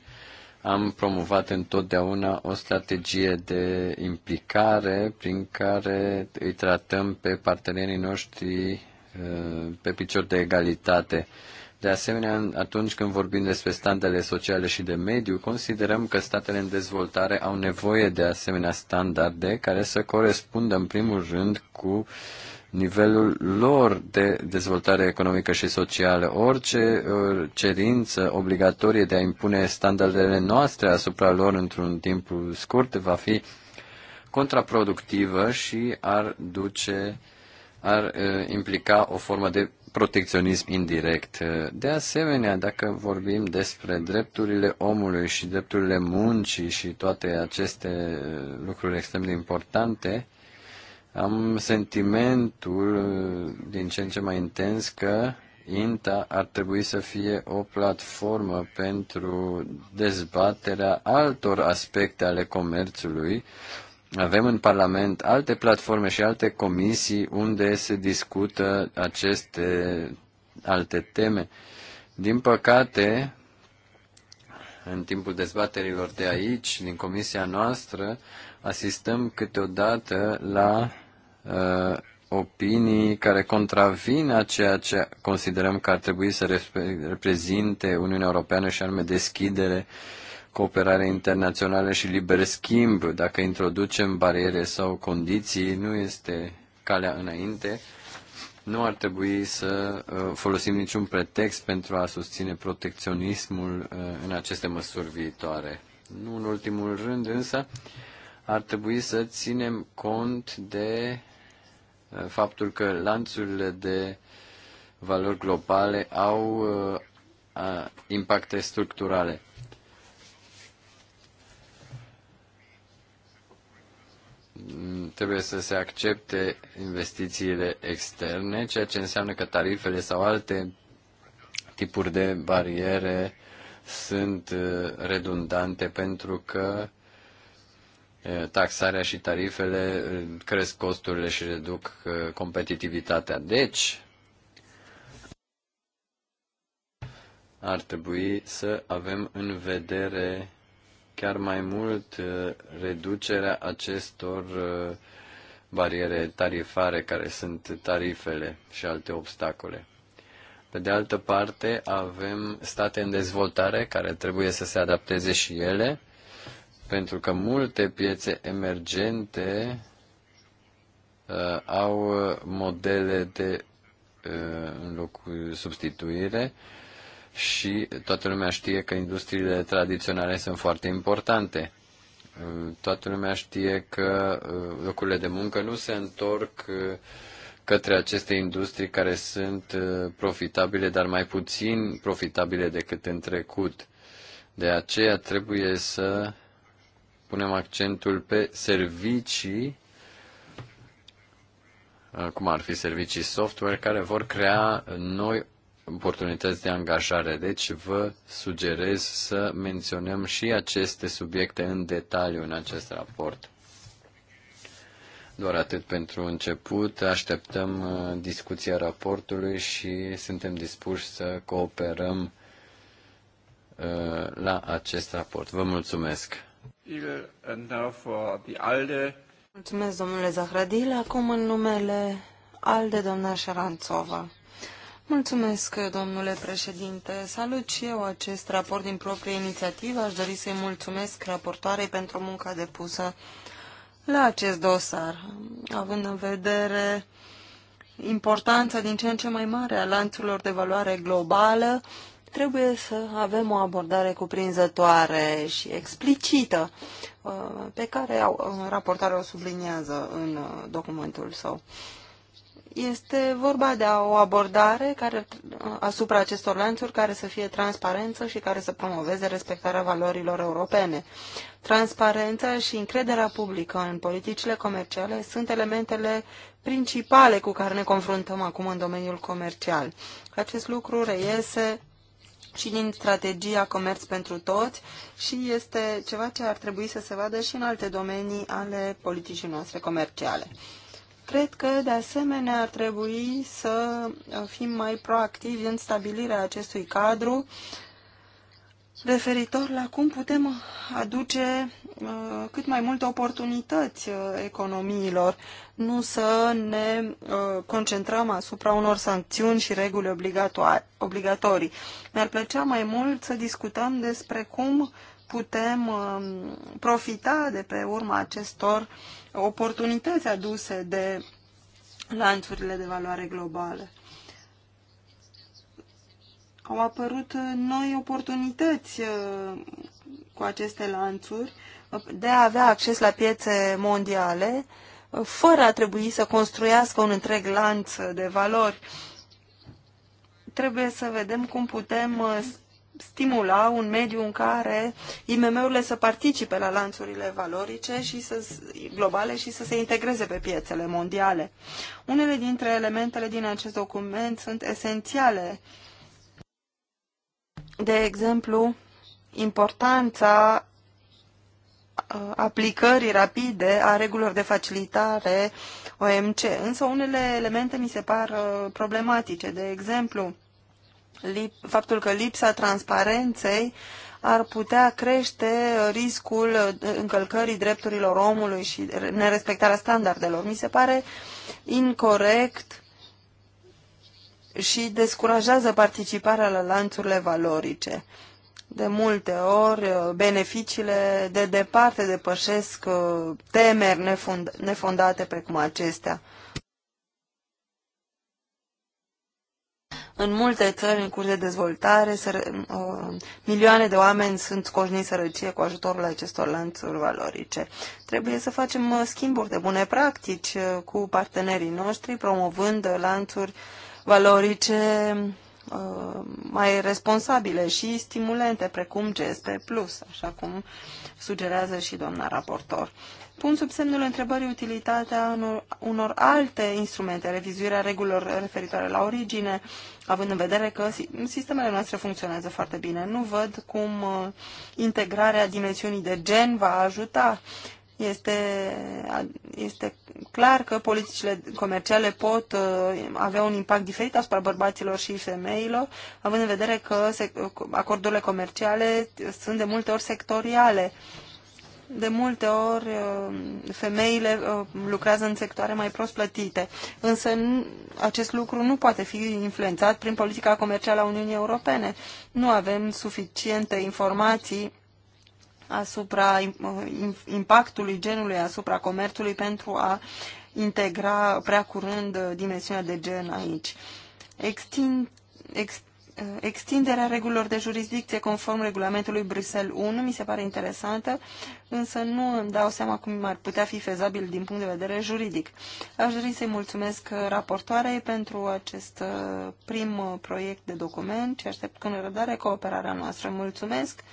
Am promovat întotdeauna o strategie de implicare prin care îi tratăm pe partenerii noștri pe picior de egalitate. De asemenea, atunci când vorbim despre standarde sociale și de mediu, considerăm că statele în dezvoltare au nevoie de asemenea standarde care să corespundă în primul rând cu nivelul lor de dezvoltare economică și socială. Orice uh, cerință obligatorie de a impune standardele noastre asupra lor într-un timp scurt va fi contraproductivă și ar duce ar uh, implica o formă de protecționism indirect. De asemenea, dacă vorbim despre drepturile omului și drepturile muncii și toate aceste lucruri extrem de importante, am sentimentul din ce în ce mai intens că INTA ar trebui să fie o platformă pentru dezbaterea altor aspecte ale comerțului, avem în Parlament alte platforme și alte comisii unde se discută aceste alte teme. Din păcate, în timpul dezbaterilor de aici, din comisia noastră, asistăm câteodată la uh, opinii care contravin a ceea ce considerăm că ar trebui să reprezinte Uniunea Europeană și anume deschidere uh, cooperare internațională și liber schimb, dacă introducem bariere sau condiții, nu este calea înainte. Nu ar trebui să uh, folosim niciun pretext pentru a susține protecționismul uh, în aceste măsuri viitoare. Nu în ultimul rând, însă, ar trebui să ținem cont de uh, faptul că lanțurile de valori globale au impacte structurale. trebuie să se accepte investițiile externe, ceea ce înseamnă că tarifele sau alte tipuri de bariere sunt uh, redundante pentru că uh, taxarea și tarifele uh, cresc costurile și reduc competitivitatea. Deci, ar trebui să avem în vedere chiar mai mult uh, reducerea acestor uh, bariere tarifare, care sunt tarifele și alte obstacole. Pe de altă parte, avem state în dezvoltare care trebuie să se adapteze și ele, pentru că multe piețe emergente uh, au uh, modele de uh, substituire uh, și toată lumea știe că industriile tradiționale sunt foarte importante. Toată lumea știe că uh, locurile de muncă nu se întorc uh, către aceste industrii care sunt uh, profitabile, dar mai puțin profitabile decât în trecut. De aceea trebuie să punem accentul pe servicii, cum ar fi servicii software, care vor crea noi oportunități de angajare. Deci vă sugerez să menționăm și aceste subiecte în detaliu în acest raport. Doar atât pentru început. Așteptăm uh, discuția raportului și suntem dispuși să cooperăm uh, la acest raport. Vă mulțumesc! Mulțumesc, domnule Zahradil. Acum, în numele ALDE, doamna Șaranțova. Mulțumesc, domnule președinte. Salut și eu acest raport din proprie inițiativă. Aș dori să-i mulțumesc raportoarei pentru munca depusă la acest dosar, având în vedere importanța din ce în ce mai mare a lanțurilor de valoare globală, trebuie să avem o abordare cuprinzătoare și explicită uh, pe care raportarea o subliniază în uh, documentul său. Este vorba de o abordare care, asupra acestor lanțuri care să fie transparență și care să promoveze respectarea valorilor europene. Transparența și încrederea publică în politicile comerciale sunt elementele principale cu care ne confruntăm acum în domeniul comercial. Acest lucru reiese și din strategia Comerț pentru Toți și este ceva ce ar trebui să se vadă și în alte domenii ale politicii noastre comerciale. Cred că, de asemenea, ar trebui să uh, fim mai proactivi în stabilirea acestui cadru referitor la cum putem aduce uh, cât mai multe oportunități uh, economiilor, nu să ne concentrăm asupra unor sancțiuni și reguli obligatorii. Mi-ar plăcea mai mult să discutăm despre cum putem um, profita de pe urma acestor uh, oportunități aduse de lanțurile de valoare globale. Au apărut noi oportunități uh, cu aceste lanțuri uh, de a avea acces la piețe mondiale uh, fără a trebui să construiască un întreg lanț de valori. Trebuie să vedem cum putem stimula un mediu în care IMM-urile să participe la lanțurile valorice și să, globale și să se integreze pe piețele mondiale. Unele dintre elementele din acest document sunt esențiale. De exemplu, importanța uh, aplicării rapide a regulilor de facilitare OMC. Însă unele elemente mi se par uh, problematice. De exemplu, faptul că lipsa transparenței ar putea crește riscul încălcării drepturilor omului și nerespectarea standardelor. Mi se pare incorrect și descurajează participarea la lanțurile valorice. De multe ori, beneficiile de departe depășesc uh, temeri nefondate precum acestea. În multe țări în curs de dezvoltare, sără, uh, milioane de oameni sunt conjuniți sărăcie cu ajutorul acestor lanțuri valorice. Trebuie să facem uh, schimburi de bune practici uh, cu partenerii noștri, promovând uh, lanțuri valorice uh, mai responsabile și stimulente, precum GSP+, așa cum sugerează și doamna raportor pun sub semnul întrebării utilitatea unor, unor alte instrumente, revizuirea regulilor referitoare la origine, având în vedere că sistemele noastre funcționează foarte bine. Nu văd cum uh, integrarea dimensiunii de gen va ajuta. Este, este clar că politicile comerciale pot uh, avea un impact diferit asupra bărbaților și femeilor, având în vedere că acordurile comerciale sunt de multe ori sectoriale de multe ori uh, femeile uh, lucrează în sectoare mai prost plătite, însă acest lucru nu poate fi influențat prin politica comercială a Uniunii Europene. Nu avem suficiente informații asupra uh, impactului genului asupra comerțului pentru a integra prea curând dimensiunea de gen aici. Extin, ext, Extinderea regulilor de jurisdicție conform regulamentului Bruxelles 1 mi se pare interesantă, însă nu îmi dau seama cum ar putea fi fezabil din punct de vedere juridic. Aș dori să-i mulțumesc raportoarei pentru acest uh, prim uh, proiect de document și aștept cu nerăbdare cooperarea noastră. Mulțumesc!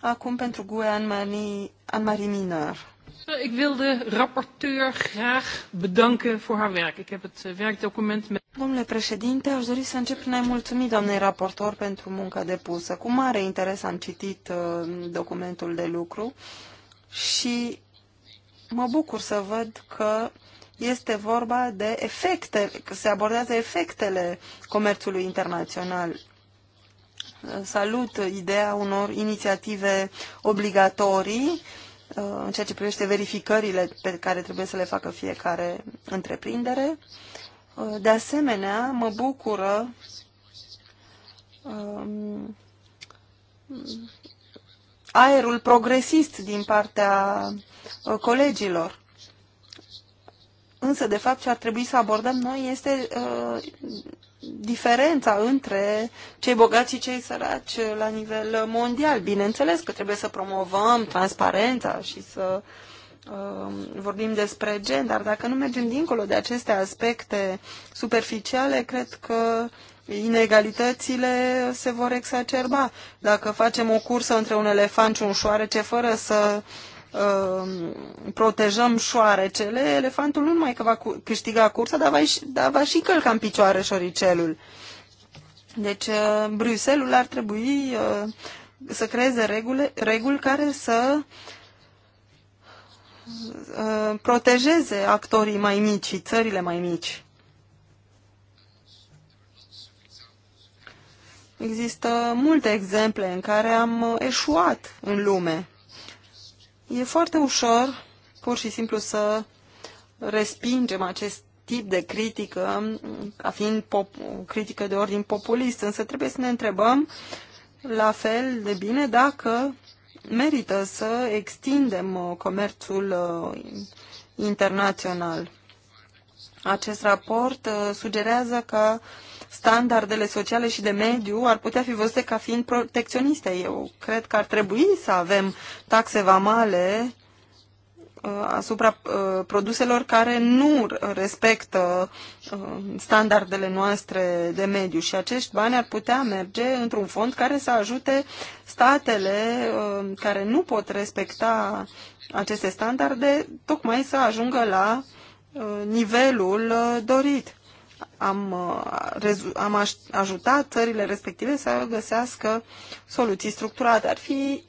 Acum pentru GUE Anne-Marie Minor. Ik wil de rapporteur graag bedanken voor haar werk. Ik heb het eh, werkdocument met... Domnule președinte, aș dori să încep prin a-i mulțumi doamnei raportor pentru munca depusă. Cu mare interes am citit uh, documentul de lucru și mă bucur să văd că este vorba de efecte, că se abordează efectele comerțului internațional. Salut ideea unor inițiative obligatorii uh, Uh, în ceea ce privește verificările pe care trebuie să le facă fiecare întreprindere. Uh, de asemenea, mă bucură um, aerul progresist din partea uh, colegilor. Însă, de fapt, ce ar trebui să abordăm noi este diferența între cei bogați și cei săraci la nivel mondial. Bineînțeles că trebuie să promovăm transparența și să uh, vorbim despre gen, dar dacă nu mergem dincolo de aceste aspecte superficiale, cred că inegalitățile se vor exacerba. Dacă facem o cursă între un elefant și un șoarece fără să uh, Um, protejăm șoarecele, elefantul nu numai că va câștiga cursa, dar va, dar va și călca în picioare șoricelul. Deci uh, Bruselul ar trebui uh, să creeze regule, reguli care să uh, protejeze actorii mai mici și țările mai mici. Există multe exemple în care am eșuat în lume. E foarte ușor, pur și simplu, să respingem acest tip de critică ca fiind pop- critică de ordin populist, însă trebuie să ne întrebăm la fel de bine dacă merită să extindem uh, comerțul uh, internațional. Acest raport uh, sugerează că standardele sociale și de mediu ar putea fi văzute ca fiind protecționiste. Eu cred că ar trebui să avem taxe vamale uh, asupra uh, produselor care nu respectă uh, standardele noastre de mediu și acești bani ar putea merge într-un fond care să ajute statele care nu pot respecta aceste standarde tocmai să ajungă la nivelul dorit am, uh, am ajutat țările respective să găsească soluții structurate. Ar fi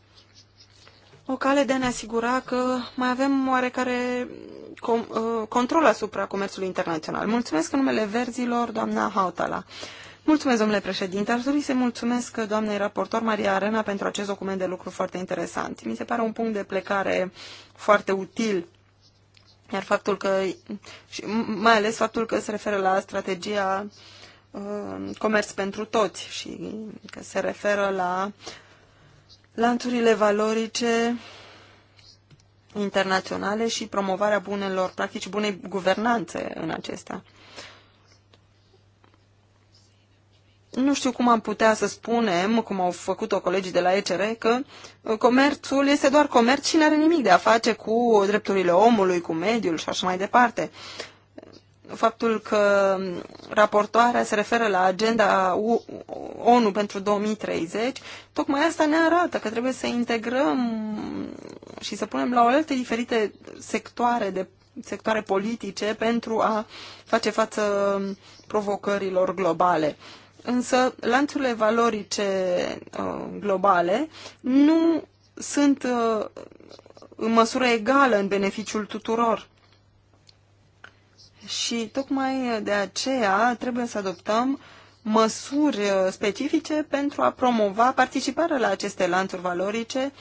o cale de a ne asigura că mai avem oarecare uh, control asupra comerțului internațional. Mulțumesc în numele verzilor, doamna Hautala. Mulțumesc, domnule președinte. Ar trebui să mulțumesc doamnei raportor Maria Arena pentru acest document de lucru foarte interesant. Mi se pare un punct de plecare foarte util iar faptul că, și mai ales faptul că se referă la strategia uh, comerț pentru toți și că se referă la lanțurile valorice internaționale și promovarea bunelor practici, bunei guvernanțe în acestea. nu știu cum am putea să spunem, cum au făcut-o colegii de la ECR, că uh, comerțul este doar comerț și nu are nimic de a face cu drepturile omului, cu mediul și așa mai departe. Faptul că raportoarea se referă la agenda ONU pentru 2030, tocmai asta ne arată că trebuie să integrăm și să punem la oaltă diferite sectoare de sectoare politice pentru a face față provocărilor globale Însă lanțurile valorice uh, globale nu sunt uh, în măsură egală în beneficiul tuturor. Și tocmai de aceea trebuie să adoptăm măsuri uh, specifice pentru a promova participarea la aceste lanțuri valorice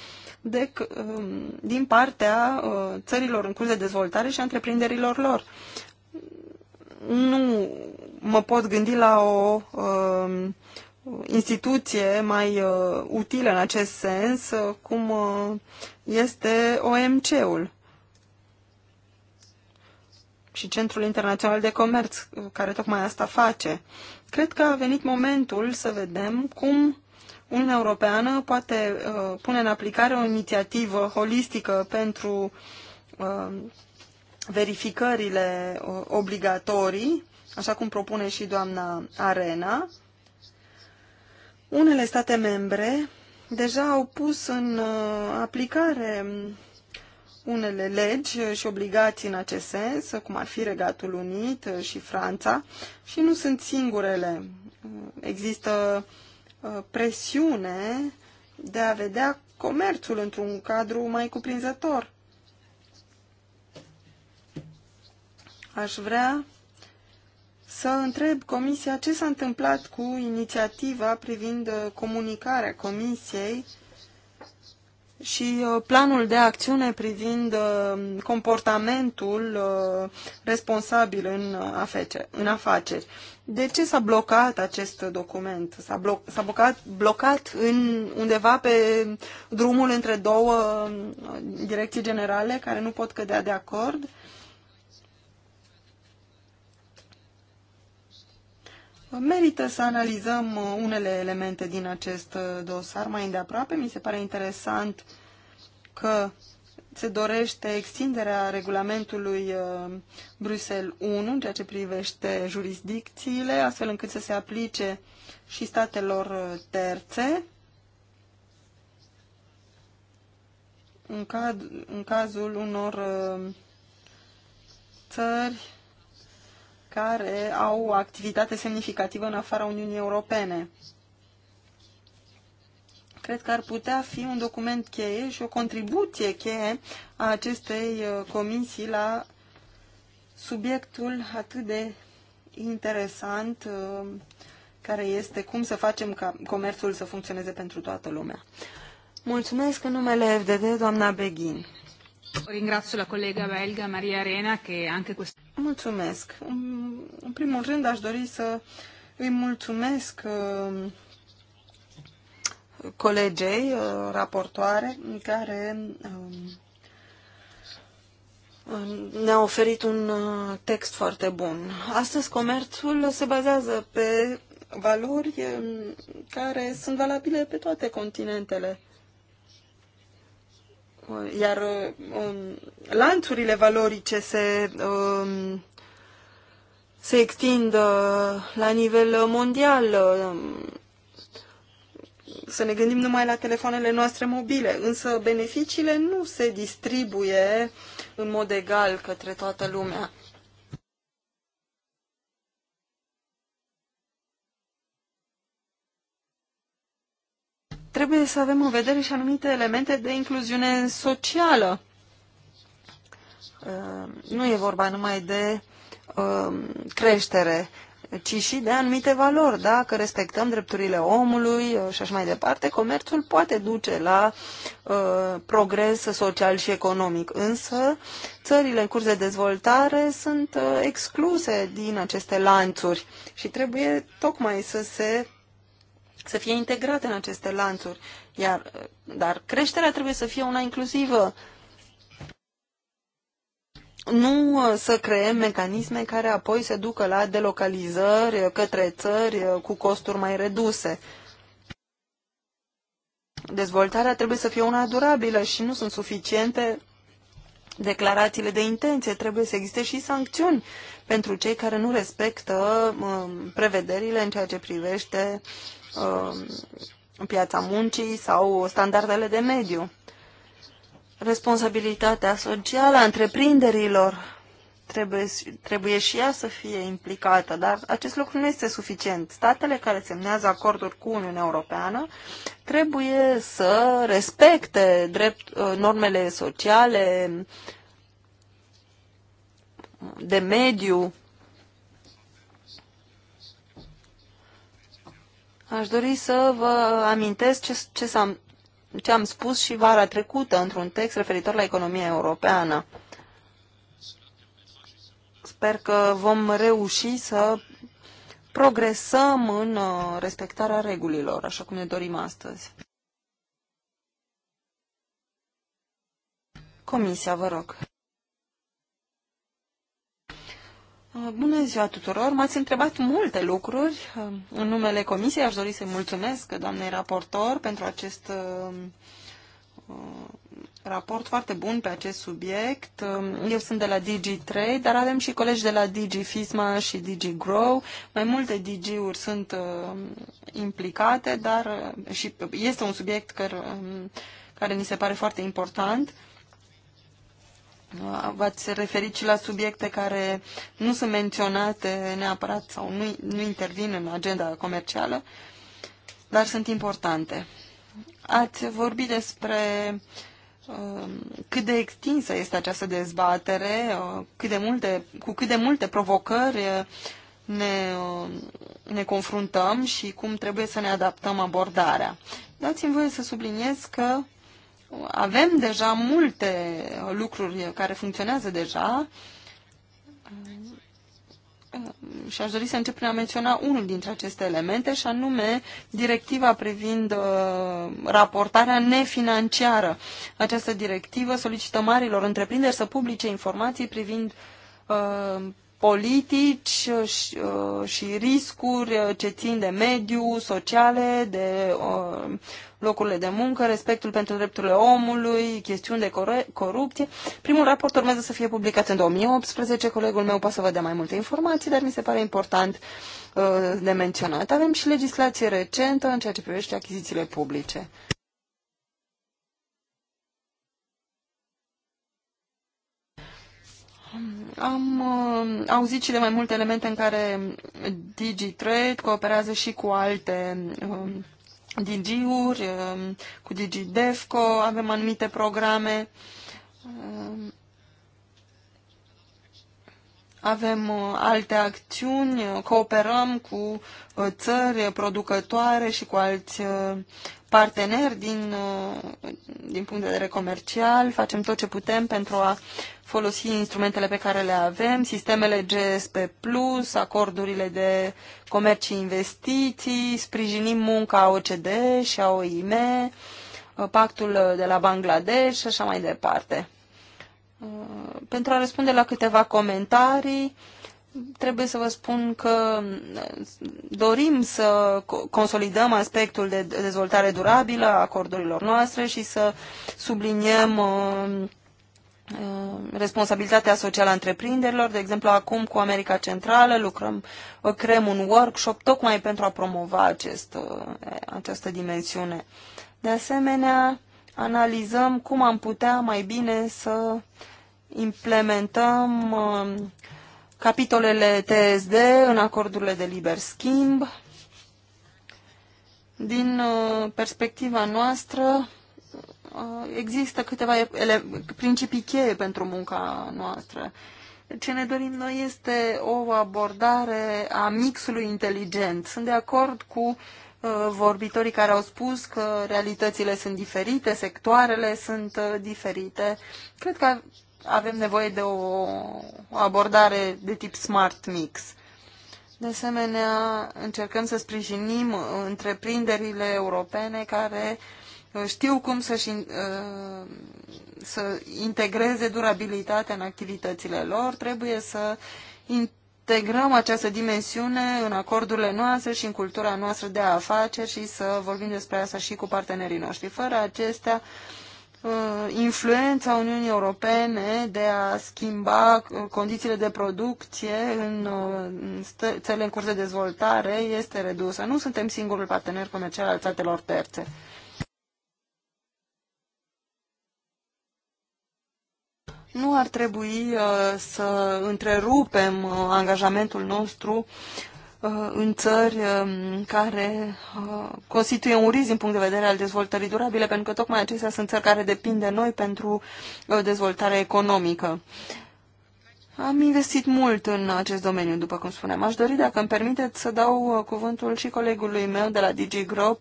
de, um, din partea țărilor în curs de dezvoltare și a întreprinderilor lor nu mă pot gândi la o uh, instituție mai uh, utilă în acest sens, uh, cum uh, este OMC-ul și Centrul Internațional de Comerț, uh, care tocmai asta face. Cred că a venit momentul să vedem cum Uniunea Europeană poate uh, pune în aplicare o inițiativă holistică pentru uh, verificările obligatorii, așa cum propune și doamna Arena, unele state membre deja au pus în uh, aplicare unele legi și obligații în acest sens, cum ar fi Regatul Unit și Franța, și nu sunt singurele. Există uh, presiune de a vedea comerțul într-un cadru mai cuprinzător. Aș vrea să întreb Comisia ce s-a întâmplat cu inițiativa privind uh, comunicarea Comisiei și uh, planul de acțiune privind uh, comportamentul responsabil în afaceri. De ce s-a blocat acest document? S-a, blocat, blocat în, undeva pe drumul între două direcții generale care nu pot cădea de acord? Merită să analizăm uh, unele elemente din acest uh, dosar mai îndeaproape. Mi se pare interesant că se dorește extinderea regulamentului uh, Bruxelles 1 în ceea ce privește jurisdicțiile, astfel încât să se aplice și statelor terțe în, caz, în cazul unor țări care au o activitate semnificativă în afara Uniunii Europene. Cred că ar putea fi un document cheie și o contribuție cheie a acestei uh, comisii la subiectul atât de interesant uh, care este cum să facem ca comerțul să funcționeze pentru toată lumea. Mulțumesc în numele FDD, doamna Beghin. Ringrazio la colega belga Maria Arena che anche questo... Mulțumesc. În primul rând aș dori să îi mulțumesc uh, colegei uh, raportoare care uh, ne-a oferit un text foarte bun. Astăzi comerțul se bazează pe valori care sunt valabile pe toate continentele iar um, lanțurile valorice se, um, se extind uh, la nivel mondial. Um, să ne gândim numai la telefoanele noastre mobile, însă beneficiile nu se distribuie în mod egal către toată lumea. trebuie să avem în vedere și anumite elemente de incluziune socială. Uh, nu e vorba numai de uh, creștere, ci și de anumite valori. Dacă respectăm drepturile omului uh, și așa mai departe, comerțul poate duce la progres social și economic. Însă, țările în curs de dezvoltare sunt excluse din aceste lanțuri și trebuie tocmai să se să fie integrate în aceste lanțuri. Iar, dar creșterea trebuie să fie una inclusivă. Nu uh, să creem mecanisme care apoi se ducă la delocalizări către țări uh, cu costuri mai reduse. Dezvoltarea trebuie să fie una durabilă și nu sunt suficiente declarațiile de intenție. Trebuie să existe și sancțiuni pentru cei care nu respectă uh, prevederile în ceea ce privește uh, Um, piața muncii sau standardele de mediu. Responsabilitatea socială a întreprinderilor trebuie, trebuie și ea să fie implicată, dar acest lucru nu este suficient. Statele care semnează acorduri cu Uniunea Europeană trebuie să respecte drept, uh, normele sociale, de mediu Aș dori să vă amintesc ce, ce, am ce am spus și vara trecută într-un text referitor la economia europeană. Sper că vom reuși să progresăm în uh, respectarea regulilor, așa cum ne dorim astăzi. Comisia, vă rog. Uh, bună ziua tuturor! M-ați întrebat multe lucruri. Uh, în numele Comisiei aș dori să-i mulțumesc doamnei raportor pentru acest uh, raport foarte bun pe acest subiect. Eu sunt de la DG3, dar avem și colegi de la DG Fisma și DG Grow. Mai multe DG-uri sunt implicate, dar și este un subiect care, um, care ni se pare foarte important V-ați referit și la subiecte care nu sunt menționate neapărat sau nu, nu intervin în agenda comercială, dar sunt importante. Ați vorbit despre um, cât de extinsă este această dezbatere, uh, cât de multe, cu cât de multe provocări uh, ne, um, ne confruntăm și cum trebuie să ne adaptăm abordarea. Dați-mi voie să subliniez că avem deja multe lucruri care funcționează deja și aș dori să încep prin a menționa unul dintre aceste elemente și anume directiva privind uh, raportarea nefinanciară. Această directivă solicită marilor întreprinderi să publice informații privind uh, politici uh, uh, și, riscuri uh, ce țin de mediu, sociale, de locurile de muncă, respectul pentru drepturile omului, chestiuni de corupție. Primul raport urmează să fie publicat în 2018. Colegul meu poate să vă dea mai multe informații, dar mi se pare important de menționat. Avem și legislație recentă în ceea ce privește achizițiile publice. Am uh, auzit și de mai multe elemente în care DigiTrade cooperează și cu alte uh, um, DG-uri, uh, um, cu DigiDefco, avem anumite programe. Uh, avem uh, alte acțiuni, uh, cooperăm cu uh, țări producătoare și cu alți parteneri din, din punct de vedere comercial, facem tot ce putem pentru a folosi instrumentele pe care le avem, sistemele GSP+, acordurile de comerț și investiții, sprijinim munca OCD și a OIM, pactul de la Bangladesh și așa mai departe pentru a răspunde la câteva comentarii, trebuie să vă spun că uh, dorim să consolidăm aspectul de dezvoltare durabilă a acordurilor noastre și să subliniem uh, uh, responsabilitatea socială a întreprinderilor. De exemplu, acum cu America Centrală lucrăm, creăm un workshop tocmai pentru a promova acest, această dimensiune. De asemenea, analizăm cum am putea mai bine să implementăm um, capitolele TSD în acordurile de liber schimb. Din uh, perspectiva noastră, uh, există câteva principii cheie pentru munca noastră. Ce ne dorim noi este o abordare a mixului inteligent. Sunt de acord cu Uh, vorbitorii care au spus că realitățile sunt diferite, sectoarele sunt uh, diferite. Cred că avem nevoie de o abordare de tip smart mix. De asemenea, încercăm să sprijinim întreprinderile europene care uh, știu cum să-și, să integreze durabilitatea în activitățile lor. Trebuie să integrăm această dimensiune în acordurile noastre și în cultura noastră de afaceri și să vorbim despre asta și cu partenerii noștri. Fără acestea, uh, influența Uniunii Europene de a schimba uh, condițiile de producție în uh, țările în curs de dezvoltare este redusă. Nu suntem singurul partener comercial al statelor terțe. nu ar trebui uh, să întrerupem uh, angajamentul nostru uh, în țări um, care constituie un risc din punct de vedere al dezvoltării durabile, pentru că tocmai acestea sunt țări care depind de noi pentru dezvoltare economică. Am investit mult în acest domeniu, după cum spuneam. Aș dori, dacă îmi permiteți, să dau cuvântul și colegului meu de la DigiGrow,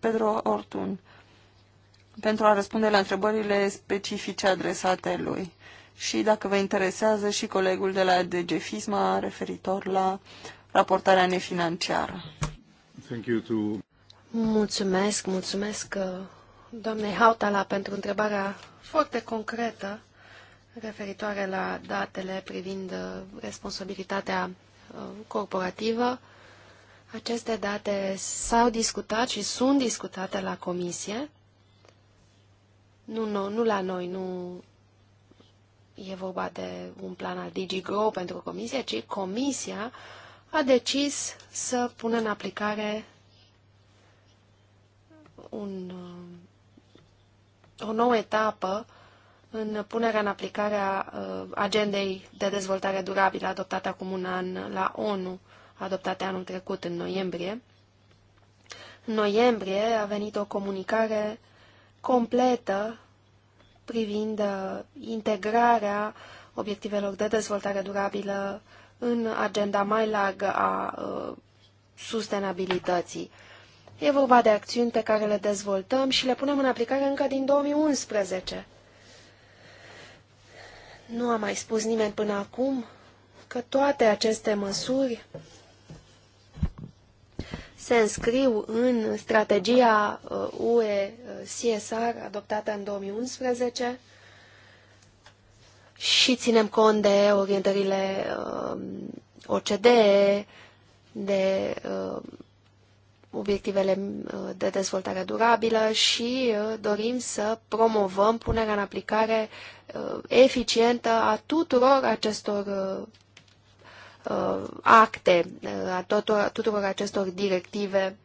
Pedro Ortun pentru a răspunde la întrebările specifice adresate lui. Și dacă vă interesează și colegul de la DGFISMA referitor la raportarea nefinanciară. Thank you to... Mulțumesc, mulțumesc uh, doamnei Hautala pentru întrebarea foarte concretă referitoare la datele privind uh, responsabilitatea uh, corporativă. Aceste date s-au discutat și sunt discutate la comisie nu, nu, nu la noi, nu e vorba de un plan al DigiGrow pentru comisia, ci comisia a decis să pună în aplicare un, um, o nouă etapă în punerea în aplicare a uh, agendei de dezvoltare durabilă adoptată acum un an la ONU, adoptată anul trecut în noiembrie. În noiembrie a venit o comunicare completă privind uh, integrarea obiectivelor de dezvoltare durabilă în agenda mai largă a uh, sustenabilității. E vorba de acțiuni pe care le dezvoltăm și le punem în aplicare încă din 2011. Nu a mai spus nimeni până acum că toate aceste măsuri se înscriu în strategia UE uh, uh, CSR adoptată în 2011 și ținem cont de orientările uh, OCDE, de obiectivele de dezvoltare durabilă și dorim să promovăm punerea în aplicare eficientă a tuturor acestor Uh, acte uh, a tuturor, tuturor acestor directive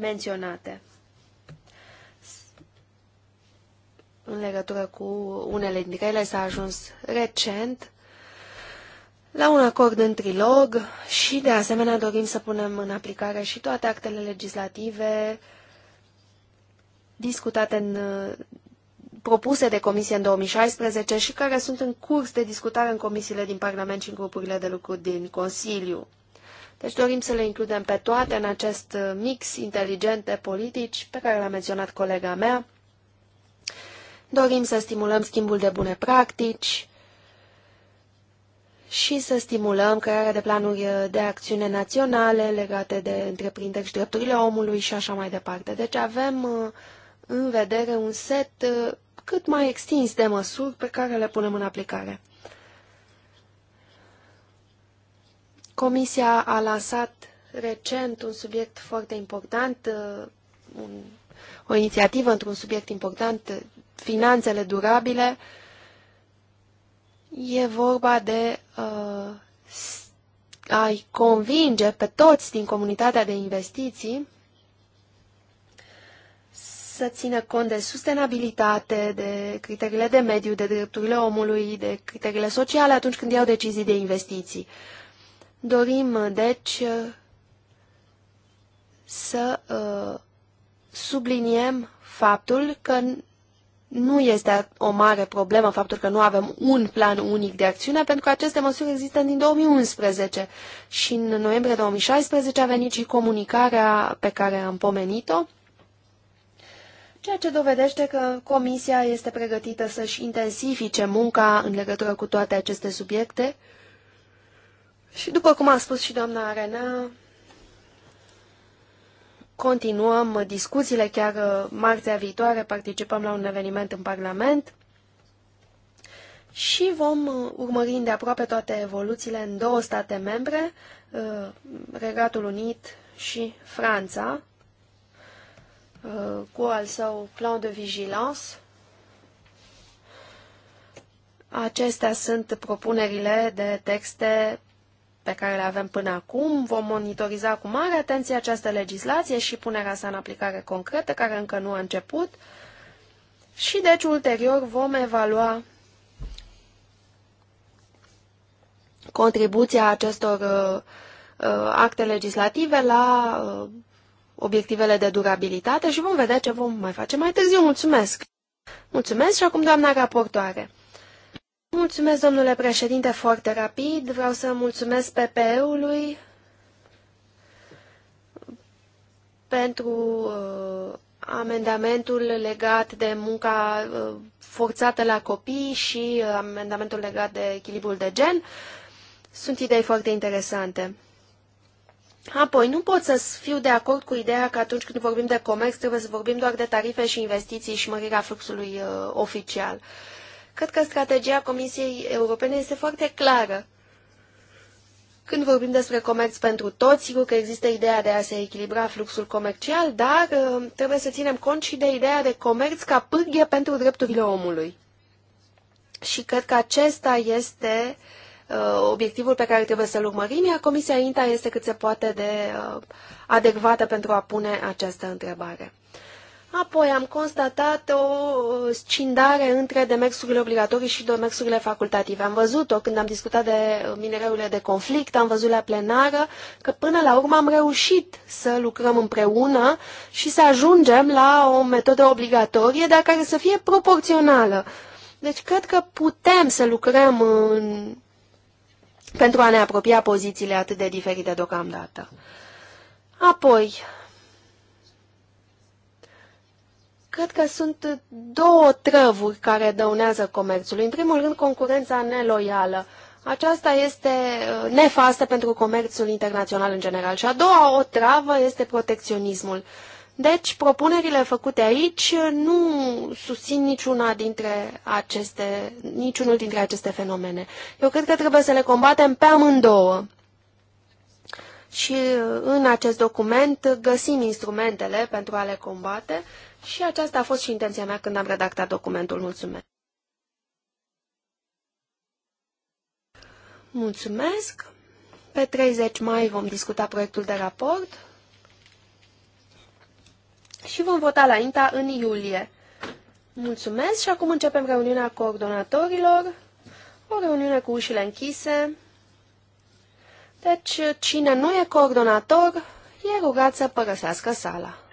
menționate în legătură cu unele dintre ele s-a ajuns recent la un acord în trilog și, de asemenea, dorim să punem în aplicare și toate actele legislative discutate în propuse de comisie în 2016 și care sunt în curs de discutare în comisiile din Parlament și în grupurile de lucru din Consiliu. Deci dorim să le includem pe toate în acest mix inteligent de politici pe care l-a menționat colega mea. Dorim să stimulăm schimbul de bune practici și să stimulăm crearea de planuri de acțiune naționale legate de întreprinderi și drepturile omului și așa mai departe. Deci avem uh, în vedere un set uh, cât mai extins de măsuri pe care le punem în aplicare. Comisia a lansat recent un subiect foarte important, uh, un, o inițiativă într-un subiect important, finanțele durabile. E vorba de uh, a-i convinge pe toți din comunitatea de investiții să țină cont de sustenabilitate, de criteriile de mediu, de drepturile omului, de criteriile sociale atunci când iau decizii de investiții. Dorim, deci, să uh, subliniem faptul că nu este o mare problemă faptul că nu avem un plan unic de acțiune, pentru că aceste măsuri există din 2011 și în noiembrie 2016 a venit și comunicarea pe care am pomenit-o ceea ce dovedește că Comisia este pregătită să-și intensifice munca în legătură cu toate aceste subiecte. Și după cum a spus și doamna Arena, continuăm discuțiile, chiar uh, marțea viitoare participăm la un eveniment în Parlament și vom uh, urmări îndeaproape toate evoluțiile în două state membre, uh, Regatul Unit și Franța, Uh, cu al său plan de vigilance. Acestea sunt propunerile de texte pe care le avem până acum. Vom monitoriza cu mare atenție această legislație și punerea sa în aplicare concretă, care încă nu a început. Și deci ulterior vom evalua contribuția acestor uh, uh acte legislative la uh, obiectivele de durabilitate și vom vedea ce vom mai face mai târziu. Mulțumesc! Mulțumesc și acum doamna raportoare. Mulțumesc, domnule președinte, foarte rapid. Vreau să mulțumesc PPE-ului pentru uh, amendamentul legat de munca uh, forțată la copii și uh, amendamentul legat de echilibrul de gen. Sunt idei foarte interesante. Apoi, nu pot să fiu de acord cu ideea că atunci când vorbim de comerț trebuie să vorbim doar de tarife și investiții și mărirea fluxului uh, oficial. Cred că strategia Comisiei Europene este foarte clară. Când vorbim despre comerț pentru toți, sigur că există ideea de a se echilibra fluxul comercial, dar uh, trebuie să ținem cont și de ideea de comerț ca pârghie pentru drepturile omului. Și cred că acesta este uh, Uh, obiectivul pe care trebuie să-l urmărim, iar Comisia INTA este cât se poate de uh, adecvată pentru a pune această întrebare. Apoi am constatat o scindare între demersurile obligatorii și demersurile facultative. Am văzut-o când am discutat de minereurile de conflict, am văzut la plenară că până la urmă am reușit să lucrăm împreună și să ajungem la o metodă obligatorie, dar care să fie proporțională. Deci cred că putem să lucrăm în pentru a ne apropia pozițiile atât de diferite deocamdată. Apoi, cred că sunt două trăvuri care dăunează comerțului. În primul rând, concurența neloială. Aceasta este uh, nefastă pentru comerțul internațional în general. Și a doua o travă este protecționismul. Uh, deci, propunerile făcute aici nu susțin niciuna dintre aceste, niciunul dintre aceste fenomene. Eu cred că trebuie să le combatem pe amândouă. Și uh, în acest document găsim instrumentele pentru a le combate și aceasta a fost și intenția mea când am redactat documentul. Mulțumesc! Mulțumesc! Pe 30 mai vom discuta proiectul de raport și vom vota la INTA în iulie. Mulțumesc și acum începem reuniunea coordonatorilor, o reuniune cu ușile închise. Deci, cine nu e coordonator, e rugat să părăsească sala.